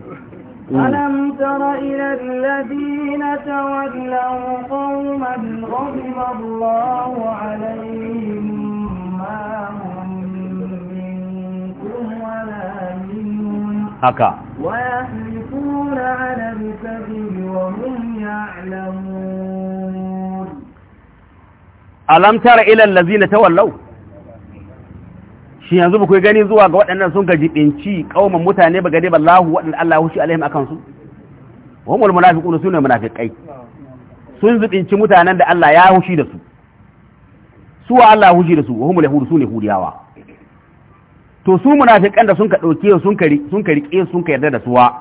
ألم تر إلى الذين تولوا قوما غضب الله عليهم ما هم Haka. alam tara ويحلفون على الكذب shi yanzu bakwai gani zuwa ga waɗannan sun gaji ɗinci ƙauman mutane ba gade ba lahu waɗanda Allah hushi alaihim akan su wamul munafiquna sune munafiqai sun zubinci mutanen da Allah ya hushi da su su wa Allah hushi da su wahumul yahudu ne hudiyawa to su munafiqan da sun ka dauke sun ka sun ka rike sun ka yarda da suwa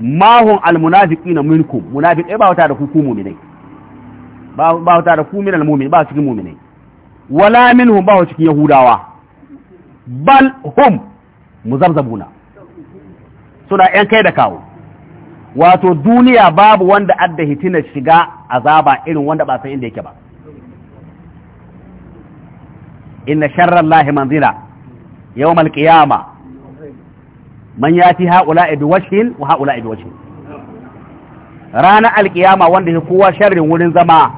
mahun almunafiqina minkum munafiqai ba wata da ku ku mu'minai ba ba wata da ku min almu'min ba cikin mu'minai wala minhum ba cikin yahudawa bal hum muzabzabuna suna yan kai da kawo wato duniya babu wanda adda hitina shiga azaba irin wanda ba san inda yake ba inna sharra allahi manzila يوم القيامة من ياتي هؤلاء بوجه وهؤلاء بوجه رانا القيامة وانده كوا شر ولن زما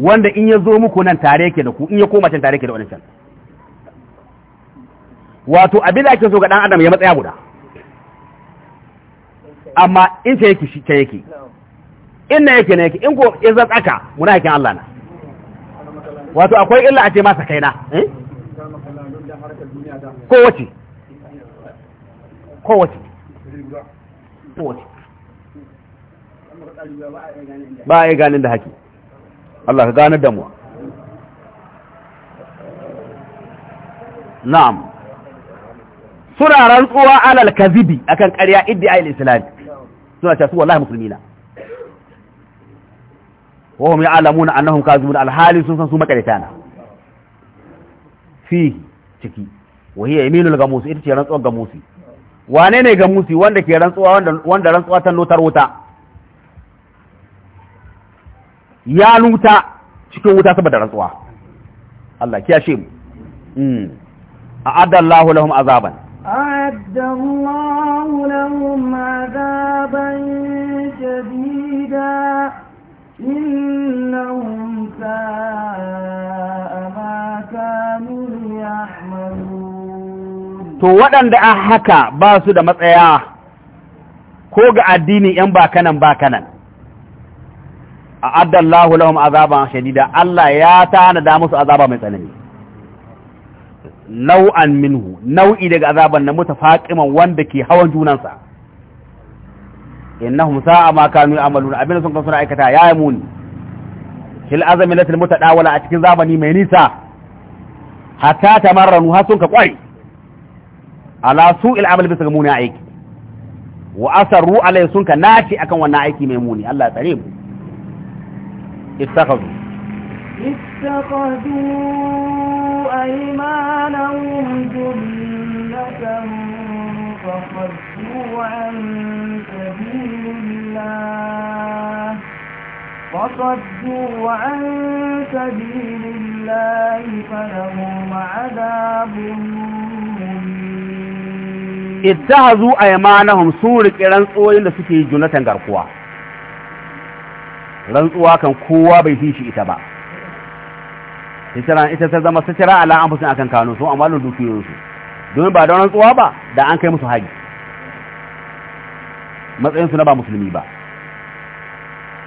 wanda in ya zo muku nan tare ke da ku in ya koma can tare ke da wancan wato abin da ake so ga dan adam ya matsaya guda amma in ta yake shi ta yake in na yake na yake in ko in zaka tsaka yakin Allah na wato akwai illa a ce masa kaina eh kowace kowace kowace ba a yi ganin da haƙi Allah ka ganar damuwa. na'am suna rantsuwa alal kazibi akan ƙarya iddi ayil Islam. suna cewa su wallahi musulmi na wahum ya'lamuna annahum kazibun alhali sun san su makarita na fi ciki wahiya yaminul gamusi ita ce rantsuwar gamusi wane ne gamusi wanda ke rantsuwa wanda wanda ta notar wuta ya luta cikin wuta saboda rantsuwa Allah kiyashe mu mm a'adda Allahu lahum azaban الله لهم عذابا شديدا ساء ما كانوا يعملون to waɗanda a haka ba su da matsaya ko ga addini ‘yan bakanan bakanan a addallahu lahum azaban shadida Allah ya tanada musu azaba mai tsanani nau'an minhu nau'i daga azaban na mutu faƙiman wanda ke hawan junansa innahum sa'a ma kanu ya'maluna abin sun kan suna aikata ya yi muni azamin latin mutu ɗawala a cikin zamani mai nisa hatta tamarranu har sun ka ƙwari على سوء العمل بس مو نايك واثروا عليه سنك ناتي اكن وانا ايكي ميموني الله يطيب اتخذوا اتخذوا ايمانهم جنه فصدوا عن سبيل الله فصدوا عن سبيل الله فلهم عذاب ittahazu aymanahum sun riƙe rantsuwoyin da suke junatan garkuwa rantsuwa kan kowa bai fi shi ita ba ita ta zama satira ala an a akan kano sun amma lullu dukiyoyinsu domin ba da rantsuwa ba da an kai musu haji matsayinsu na ba musulmi ba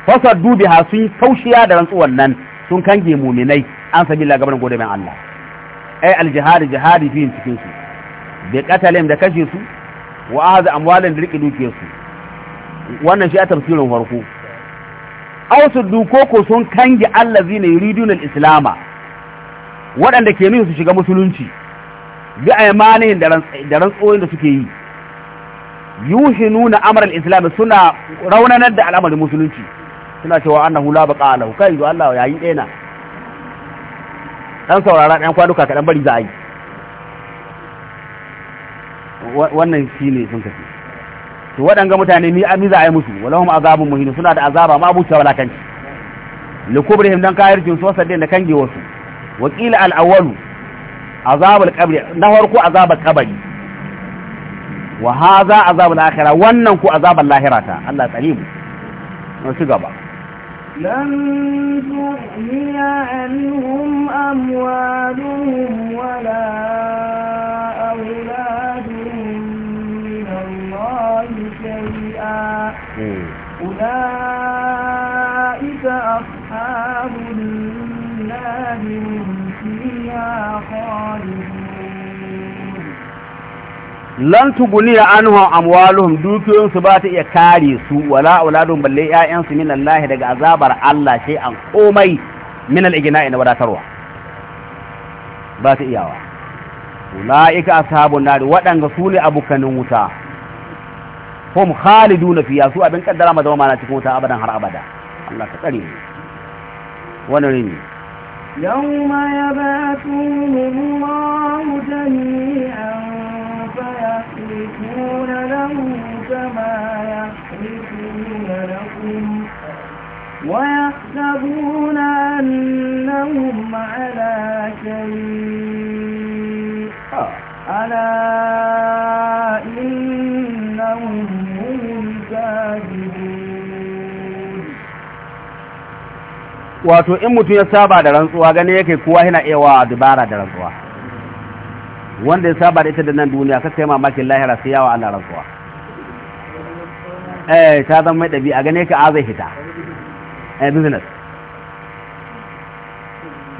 fasar dubi ha sun kaushiya da rantsuwan nan sun kange muminai an sami lagabar gode Allah ai aljihadi jihadi fiye cikinsu bi qatalin da kashe su wa ahza amwalin da rike duke su wannan shi a tafsirin farko aw su duko ko sun kange allazina yuriduna al-islama waɗanda ke nuna su shiga musulunci bi aymanin da rantsoyin da suke yi yuhinuna amr al-islam suna raunanar da al'amarin musulunci suna cewa annahu la baqa lahu kai Allah yayi dena dan saurara dan kwaduka kadan bari za a yi wannan shi ne sun kafi to waɗanga mutane ni a miza a yi musu walahum azabun muhin suna da azaba ma abuta walakanci likubrihim dan kayircin su wasadin da kange wasu wakila al-awwalu azabul qabri na farko azabul qabri wa hadha azabul akhirah wannan ku azabul lahirata Allah tsare mu ci gaba لن تغني عنهم أموالهم ولا أولادهم الله شيئا أولئك أصحاب النار هم فيها خالدون لن تغني عنهم أموالهم دوكيون سبات يكاري سوء ولا أولادهم بل لا من الله دقى عذاب الله شيئا قومي من الإجناء ولا ba su iyawa ula'ika ashabun nari waɗanda su ne abokanin wuta hum khaliduna fiya su abin kaddara ma zama mana cikin wuta abadan har abada Allah ka tsare mu wannan ne يوم يباتهم الله جميعا فيحلفون له كما يحلفون لكم ويحسبون أنهم على شيء ألا wato in mutum ya saba da rantsuwa gane yake kowa yana iya wa dubara da rantsuwa wanda ya saba da ita da nan duniya kasa yi mamakin lahira sai yawa ana rantsuwa eh ta zama mai ɗabi'a gane ka a zai fita eh business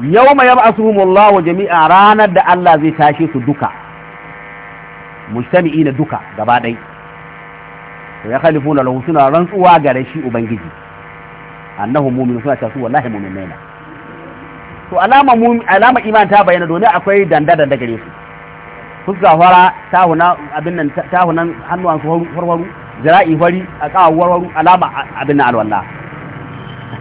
yau mai yaba asuhumullahu jami'a ranar da Allah zai tashi su duka mujtami'i na duka gaba ɗai ya khalifuna lahu suna rantsuwa gare shi ubangiji annahu mu'min suna cewa su wallahi mu'minai ne to alama mu alama iman ta bayyana domin akwai danda danda gare su fuska fara ta huna abin nan ta hunan hannuwan su farwaru zira'i fari a kawo warwaru alama abin nan alwala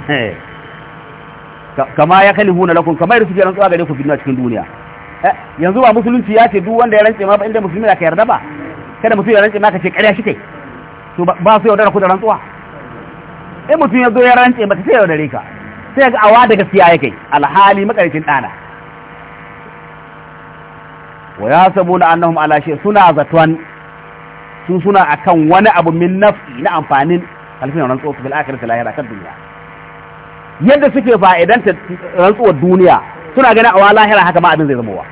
kama ya kalihu huna lakum kama su ke rantsuwa gare ku fitna cikin duniya eh, yanzu ba musulunci ya ce duk wanda ya rantse ma ba inda musulmi ka yarda ba kada musulmi ya rantse ma ka ce ƙarya shi kai to ba su yaudara ku da rantsuwa in mutum ya zo ya rantse mata sai yaudare ka sai ga awa da gaskiya ya kai alhali makarikin ɗana wa ya sabu na annahum ala shi suna zaton sun suna akan wani abu min nafsi na amfanin alfin rantsuwa su bil akhirati lahira kan duniya yadda suke fa'idanta rantsuwar duniya suna ganin awa lahira haka ma abin zai zama wa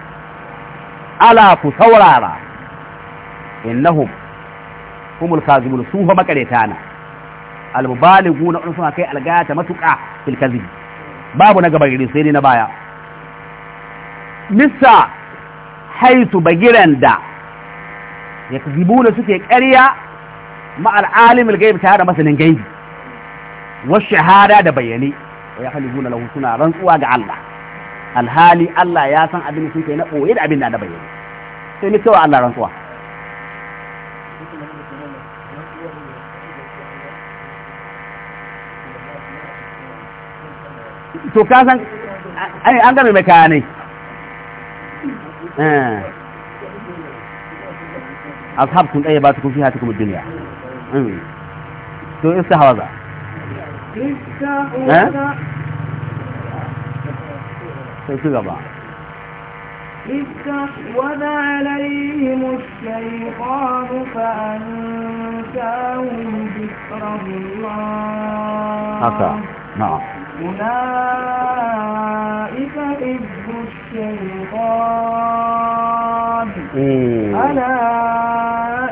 ala ku saurara innahum humul kazibun su fa makareta na albaligu na wani suna kai algaya ta matuƙa filkazi babu na gabarin sai ne na baya nisa haitu bagiran da ya da suke karya ma'al alimul gaib tare da masanin gaibi wasu shahada da bayani wa ya halibuna lahu suna rantsuwa ga Allah alhali Allah ya san abin da suke na ɓoye da abin da na bayani sai ni cewa Allah rantsuwa to ka san an game mai kaya ne ashab kun ɗaya ba ta kun fi hata kuma duniya to iska hawaza sai su gaba استحوذ عليهم الشيطان فأنساهم ذكر الله. نعم. أولئك إذ الشيطان ألا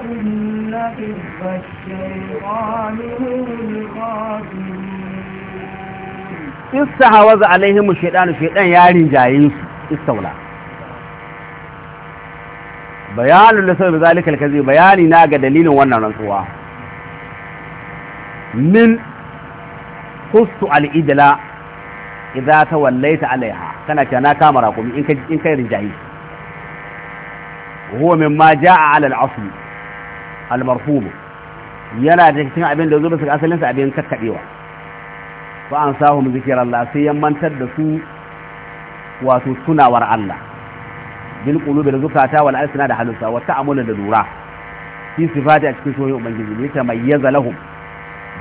إن حزب الشيطان هم الخاسرون استحوذ عليهم الشيطان الشيطان يا رجايس استولى bayanin da sau da zalika alkazi bayani na ga dalilin wannan rantsuwa min hustu al'idila idza wallaita alaiha kana cewa na kama rakumi in kai in kai rijayi huwa ma jaa ala al-asl al yana da cikin abin da zo bisa asalin sa abin kakkadewa fa an sahum zikrallah sai yan mantar da su wato tunawar Allah bil qulubi da zukata wal alsina da halusa wa ta'amula da lura fi sifati a cikin soyayya ubangiji ne ta mayyaza lahum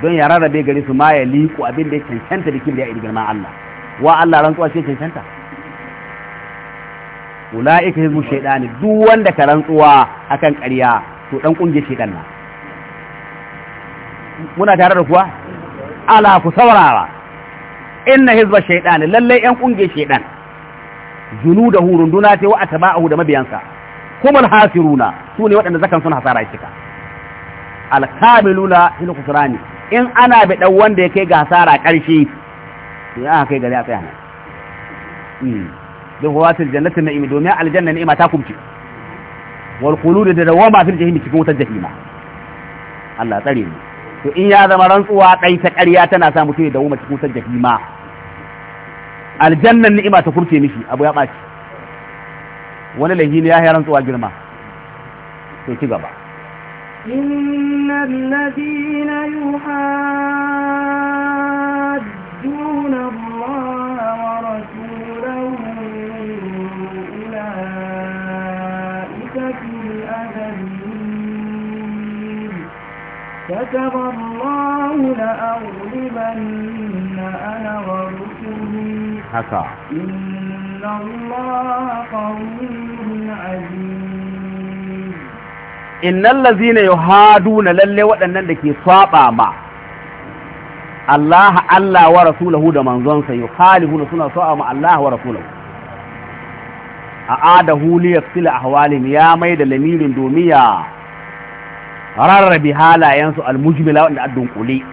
don ya rarrabe gari su ma ya liku abin da ya cancanta da ya iri girman Allah wa Allah rantsuwa ce cancanta ula'ika hizmu ne duk wanda ka rantsuwa akan ƙarya to dan kungiyar shaidan na muna tare da kuwa ala ku saurara inna hizba shaidani lalle yan kungiyar shaidan junudahu runduna ta wa atba'ahu da mabiyansa kuma alhasiruna su ne waɗanda zakan suna hasara cika alkamiluna hil kusrani in ana bi dan wanda ya kai gasara ƙarshe ya aka kai gari a tsaya nan hmm. don kuwa jannatin na imi domin aljanna ni'ima ta kumce wal qulud da dawama fil jahim cikin wutar jahima Allah tsare mu to in ya zama rantsuwa kai ta ƙarya tana sa mutum ya dawoma cikin wutar jahima aljannan ni'ima ta kurce mishi abu ya ɓaci wani lahi ne ya yi rantsuwa girma to ci gaba إن الذين يحادون الله ورسوله أولئك في الأذلين كتب الله لأغلبن أنا ورسلي إن الله قوي عزيز innal lazina yuhaduna lalle waɗannan da ke saba ma Allah Allah wa rasulahu da manzonsa yuhalihuna suna saba ma Allah wa rasulahu a'adahu li yaksila ahwalim ya mai da lamirin domiya rarrabi halayensu almujmila wanda addun kuli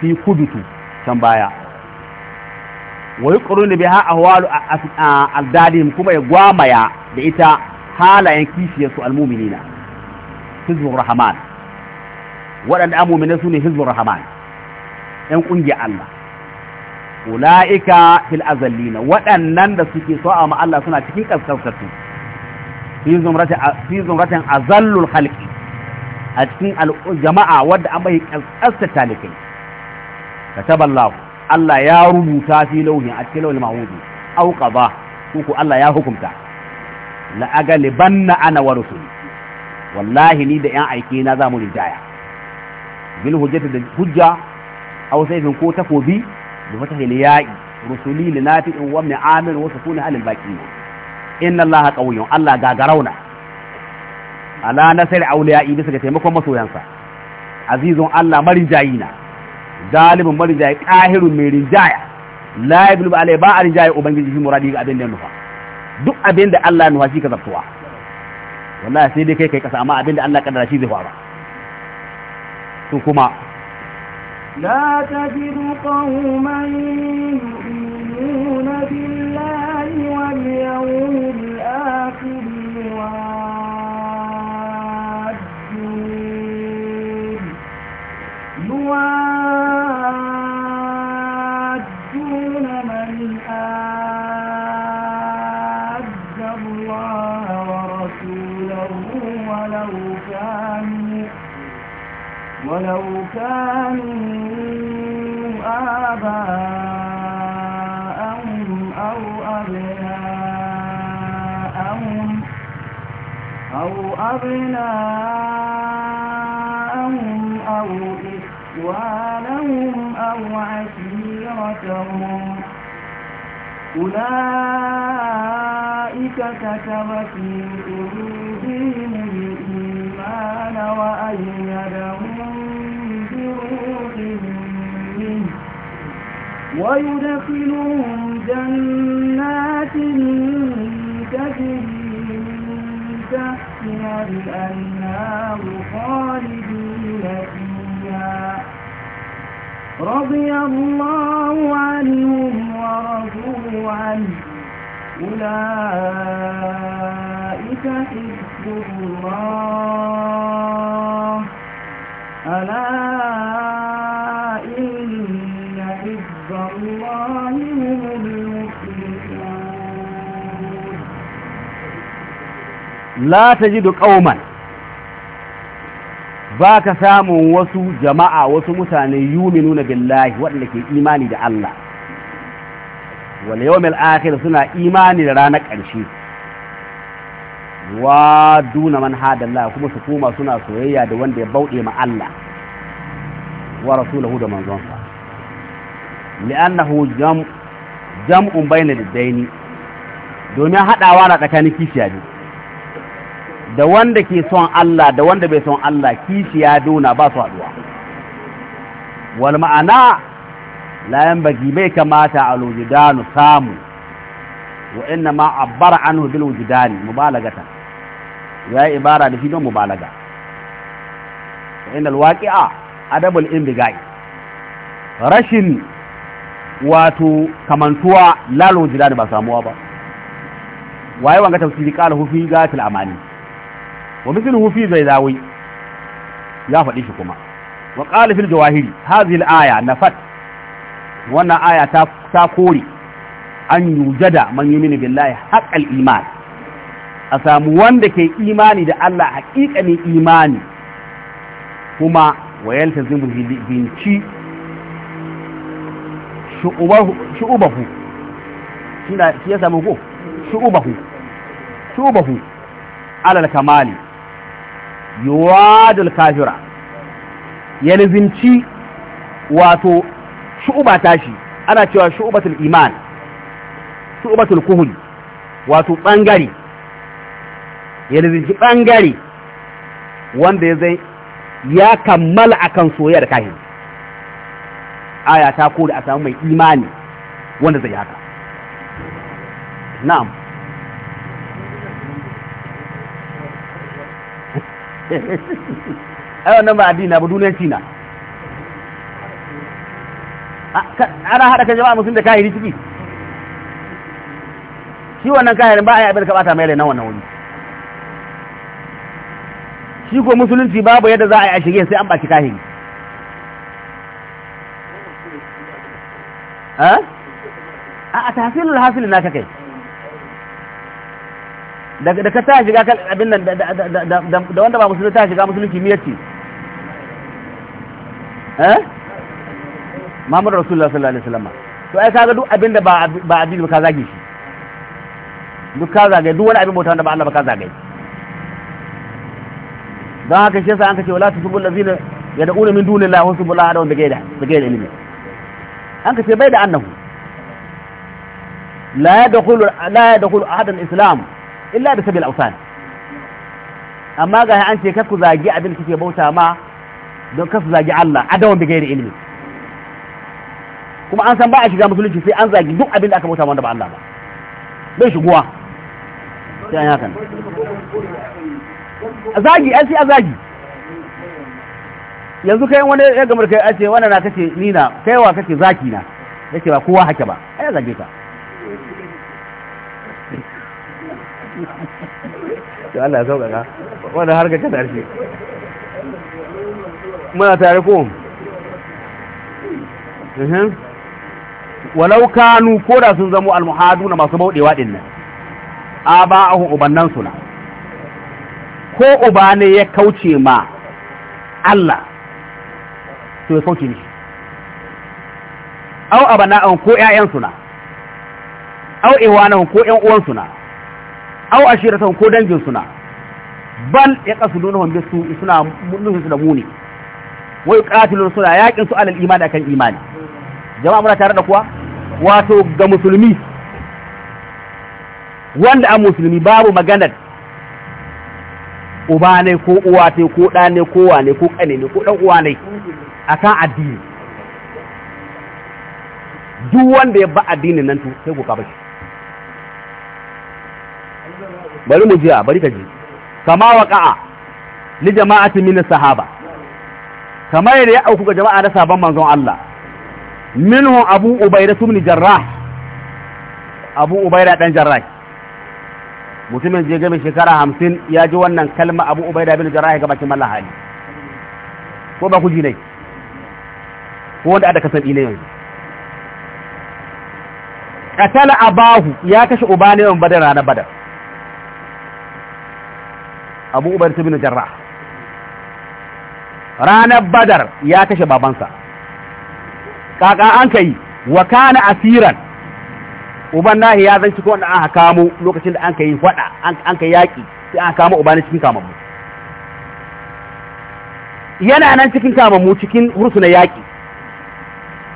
fi kubitu can baya wa biha ahwalu azdadihim kuma ya gwamaya da ita halayen su almuminina hizbun rahman waɗanda amumina su ne hizbun rahman ‘yan ƙungiyar Allah ula'ika fil azallina waɗannan da suke so a Allah suna cikin ƙasƙasƙasu fi zumratin azallul halki a cikin jama'a wadda an bai ƙasƙasta talikai kataballahu Allah ya rubuta fi lauhin a cikin lauhin mahudu auka ba ko Allah ya hukumta banna ana wa rusuli wallahi ni da yan aiki na za mu rinjaya bil hujjati da hujja aw sayfin ko takobi bi ne liya'i rusuli li nafi'in wa min amir wa sukuna alil baqin inna allaha qawiyyun allah gagarauna ala nasir awliya'i bisa ga taimakon masoyansa azizun allah marijayina galibin marinjayi qahirun mai rinjaya la yablu alai ba a ubangiji shi muradi ga abin da nufa duk abin da Allah nuwa shi ka zartuwa wallahi sai dai kai kai kasa amma abin da Allah kaddara shi zai fara to kuma la tajidu qauman yu'minuna billahi wal yawmil akhir wa يوادون ولو كانوا آباءهم أو أبناءهم أو أبناءهم أو إخوانهم أو عشيرتهم أولئك كتب في قلوبهم الإيمان وأيدهم ويدخلهم جنات تجري من تحتها الأنهار خالدين فيها رضي الله عنهم ورضوا عنه أولئك حزب الله ألا la da ƙauman ba ka samun wasu jama'a wasu mutane nuna billahi waɗanda ke imani da Allah wal yawmil akhir suna imani da ranar ƙarshe wa duna man hadalla kuma su koma suna soyayya da wanda ya bauɗe ma Allah wa rasulahu da manzonsa li'annahu jam jam'un bayna daini domin haɗawa na tsakanin kishiya biyu da wanda ke son Allah da wanda bai son Allah kishiya duna ba su haduwa wal ma'ana layan bagi bai kamata a lujidanu samu wa inna ma abbar anhu bil wujidani mubalagata ya yi ibara da shi don mubalaga wa inna alwaqi'a adabul Indigai rashin wato kamantuwa la lujidani ba samuwa ba waye wanga tafsiri qala hu fi gatil amani wa mithluhu zai zaidawi ya faɗi shi kuma wa qala fil jawahiri hadhihi al aya fat. wannan aya ta ta kore an yujada man yuminu billahi haqqal iman a samu wanda ke imani da Allah ne imani kuma wa yaltazimu binci shu'ubahu shi alal kamali yuwadul kafira ya lizinci wato shu'uba tashi ana cewa shu'ubatul iman shu'ubatul kuhul wato bangare ya lizinci bangare wanda ya zai ya kammala akan soyayyar kahin aya ta kore a samu mai imani wanda zai haka na'am ai wannan ba addini ba dunanci na ana hada kan jama'a musulmi da kahiri ciki shi wannan kahirin ba a yi abin da ka bata mai lainan wannan wuri shi ko musulunci babu yadda za a yi a shige sai an baci kahiri eh? a tafilul hasil na kai da ka ta shiga abin nan da wanda ba musulunci ta shiga musulunci miyar ce eh Muhammadu Rasulullah sallallahu alaihi wasallam to ai kaga duk abin da ba ba addini ka zage shi duk ka zage duk wani abin bauta wanda ba Allah ba ka zage don haka shi yasa an kace wala tusubul ladina yad'una min dunillahi wa subul ahad wanda gaida da gaida ilimi an kace bai da annahu la yadkhulu la yadkhulu ahadan islam illa da sabil ausan amma ga an ce kasu zagi abin kike bauta ma don kasu zagi Allah adawan bi gairi ilmi kuma an san ba a shiga musulunci sai an zagi duk abin da aka bauta wanda ba Allah ba bai shigowa sai an hakan zagi an sai a zagi yanzu kai wani ya gamar kai a ce wani na kace ni na kaiwa kace zaki na yake ba kowa hake ba ai zage ka to Allah ya sauƙaƙa wannan har ga ta muna tare ko walau kanu ko da sun zamo almuhadu na masu bauɗewa ɗin nan a ba a ubannan suna ko uba ne ya kauce ma Allah to ya kauce ni, au abana'an ko ƴaƴan suna au iwanan ko ƴan uwan suna aw ashiratan ko dangin suna bal ya kasuduna hum su suna nufin su da muni wa yuqatilun suna yakin su alal imani akan imani jama'a muna tare da kuwa wato ga musulmi wanda a musulmi babu maganar uba ne ko uwa ne ko ɗa ne ko wane ko ƙane ne ko ɗan uwa ne akan addini duk wanda ya ba addinin nan to sai ku kaba bari mu jiya bari ka ji kama waqa'a li jama'ati min sahaba kamar yadda ya auku ga jama'a na sabon manzon Allah minhu abu ubayda ibn jarrah abu ubayda dan jarrah mutumin je game shekara hamsin ya ji wannan kalma abu ubayda ibn jarrah ga bakin mallan hali ko ba ku ji ne ko wanda aka san ilayen yanzu qatala abahu ya kashe ubani ne on badar ranar badar abu ubar bin jarra ranar badar ya kashe babansa kaka an kai wa kana asiran uban nahi ya zanci ko an kamo lokacin da an kai fada an kai yaki sai an kamo uba ne cikin kamammu yana nan cikin kamammu cikin hursuna yaki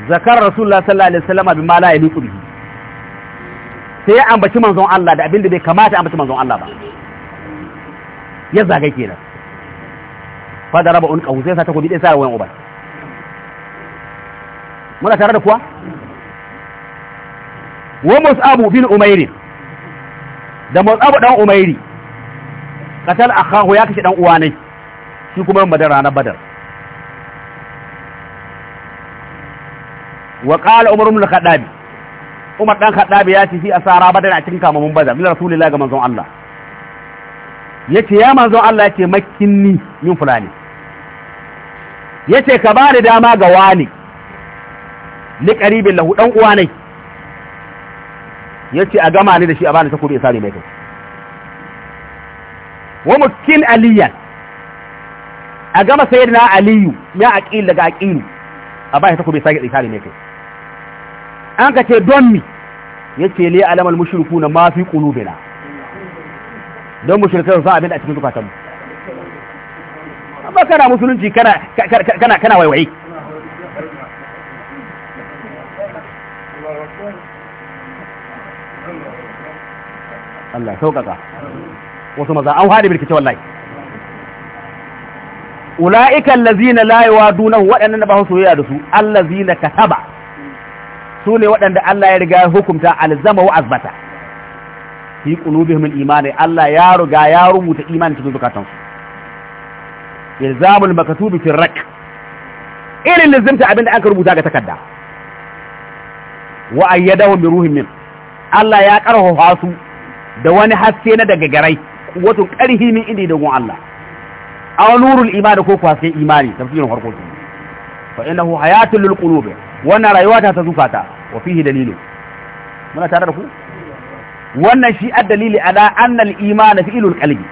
zakar rasulullah sallallahu alaihi wasallam bi mala la yaliqu bihi sai ya ambaci manzon Allah da abin da bai kamata ambaci manzon Allah ba ya zagai kenan fa da raba unqahu sai sa takobi dai sa wayan uban muna tare da kuwa wa mus'abu bin umayr da mus'abu dan umairi qatal akahu ya kashe dan uwa ne shi kuma badar ranar badar wa qala umar ibn al-khattab umar dan khattab ya ce shi asara badar a cikin kamamun badar min rasulillahi ga manzon Allah yace ya manzo Allah yace makinni min fulani yace ka bani dama ga wani ni qaribin lahu ɗan uwa ne yace a gama ni da shi a bani takobi ne mai kai wa mukin aliyan a gama na aliyu ya aƙil daga aqilu a bani takobi ne mai kai an ka ce don mi ya ce li alamar mushrikuna na mafi ƙunubina don mushrikan sa abin da a cikin zukatanmu amma kana musulunci kana kana kana waiwaye Allah sauƙaƙa wasu maza an haɗe birkice wallahi ula'ikan lazina layewa dunan waɗannan da ba su soyayya da su allazina kataba su ne waɗanda Allah ya riga hukumta alzama wa azbata fi qulubihim al-iman Allah ya ruga ya rubuta imani cikin zukatansu ilzamul maktubi fi rak irin lazimta abinda aka rubuta ga takarda wa ayyadahu bi ruhin min Allah ya karfafa su da wani haske na daga garai wato karhi min inda dogon Allah aw nurul iman ko kwasin imani tafsirin farko fa innahu hayatul lil qulubi wannan rayuwa ta zukata wa fihi dalilu muna tare da ku wannan shi addalili ala annal imani fi'ilul qalbi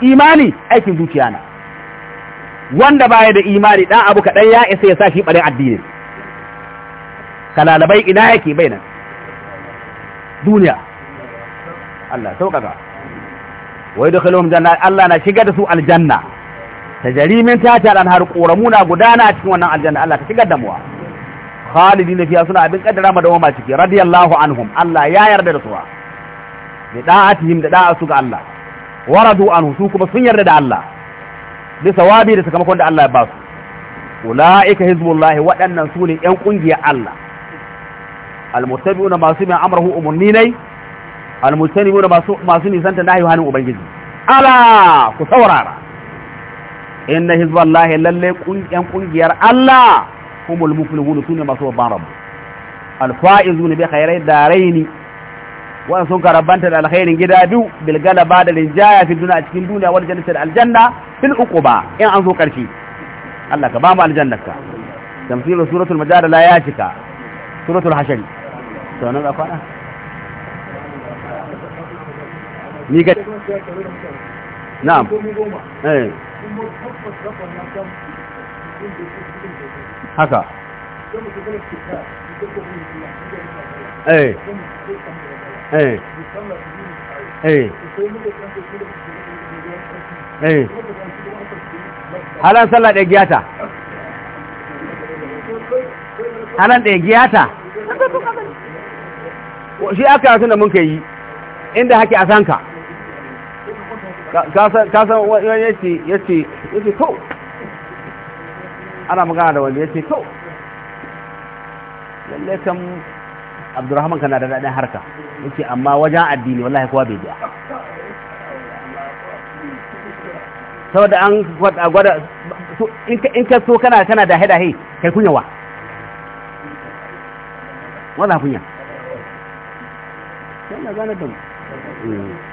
imani aikin zuciya na wanda baya da imani dan abu kadan ya isa ya sa shi bare addini kalalabai ina yake nan. duniya Allah sauƙaƙa wai da kalom janna Allah na shiga da su aljanna tajarimin tata dan har ƙoramuna gudana cikin wannan aljanna Allah ta shigar da muwa na fiya suna abin kaddara ma dawama ciki radiyallahu anhum Allah ya yarda da su bi da'atihim da da'a su ga Allah waradu anhu su kuma sun yarda da Allah bi sawabi da sakamakon da Allah ya ba su ulaika hizbullah waɗannan su ne ƴan kungiyar Allah almuttabi'una masu bin amrahu umurni ne almustanibuna masu masu nisanta nahi hanin ubangiji ala ku saurara inna hizballahi lalle ƴan kungiyar Allah humul muflihun sune masu babban rabu alfaizuna bi khairai daraini wa sun karabanta da alkhairin gida biyu bil galaba da rinjaya fi duniya cikin duniya wal jannati da aljanna fil uquba in an zo karshe Allah ka ba mu aljannaka tamthilu suratul majadala ya haka eh. Eh. Eh. halan sallah ɗaya giyata halan ɗaya giyata shi aka yi da mun yi inda haƙi a sanka ka san wani yake yake yake to ana magana da wanda ya ce to lallai kan abdurrahman kana da daɗin harka yake amma wajen addini wallahi kowa bai biya saboda an gwada in ka so kana kana da haidahe kai kunya wa wala kunya sai na gane da mu hmm.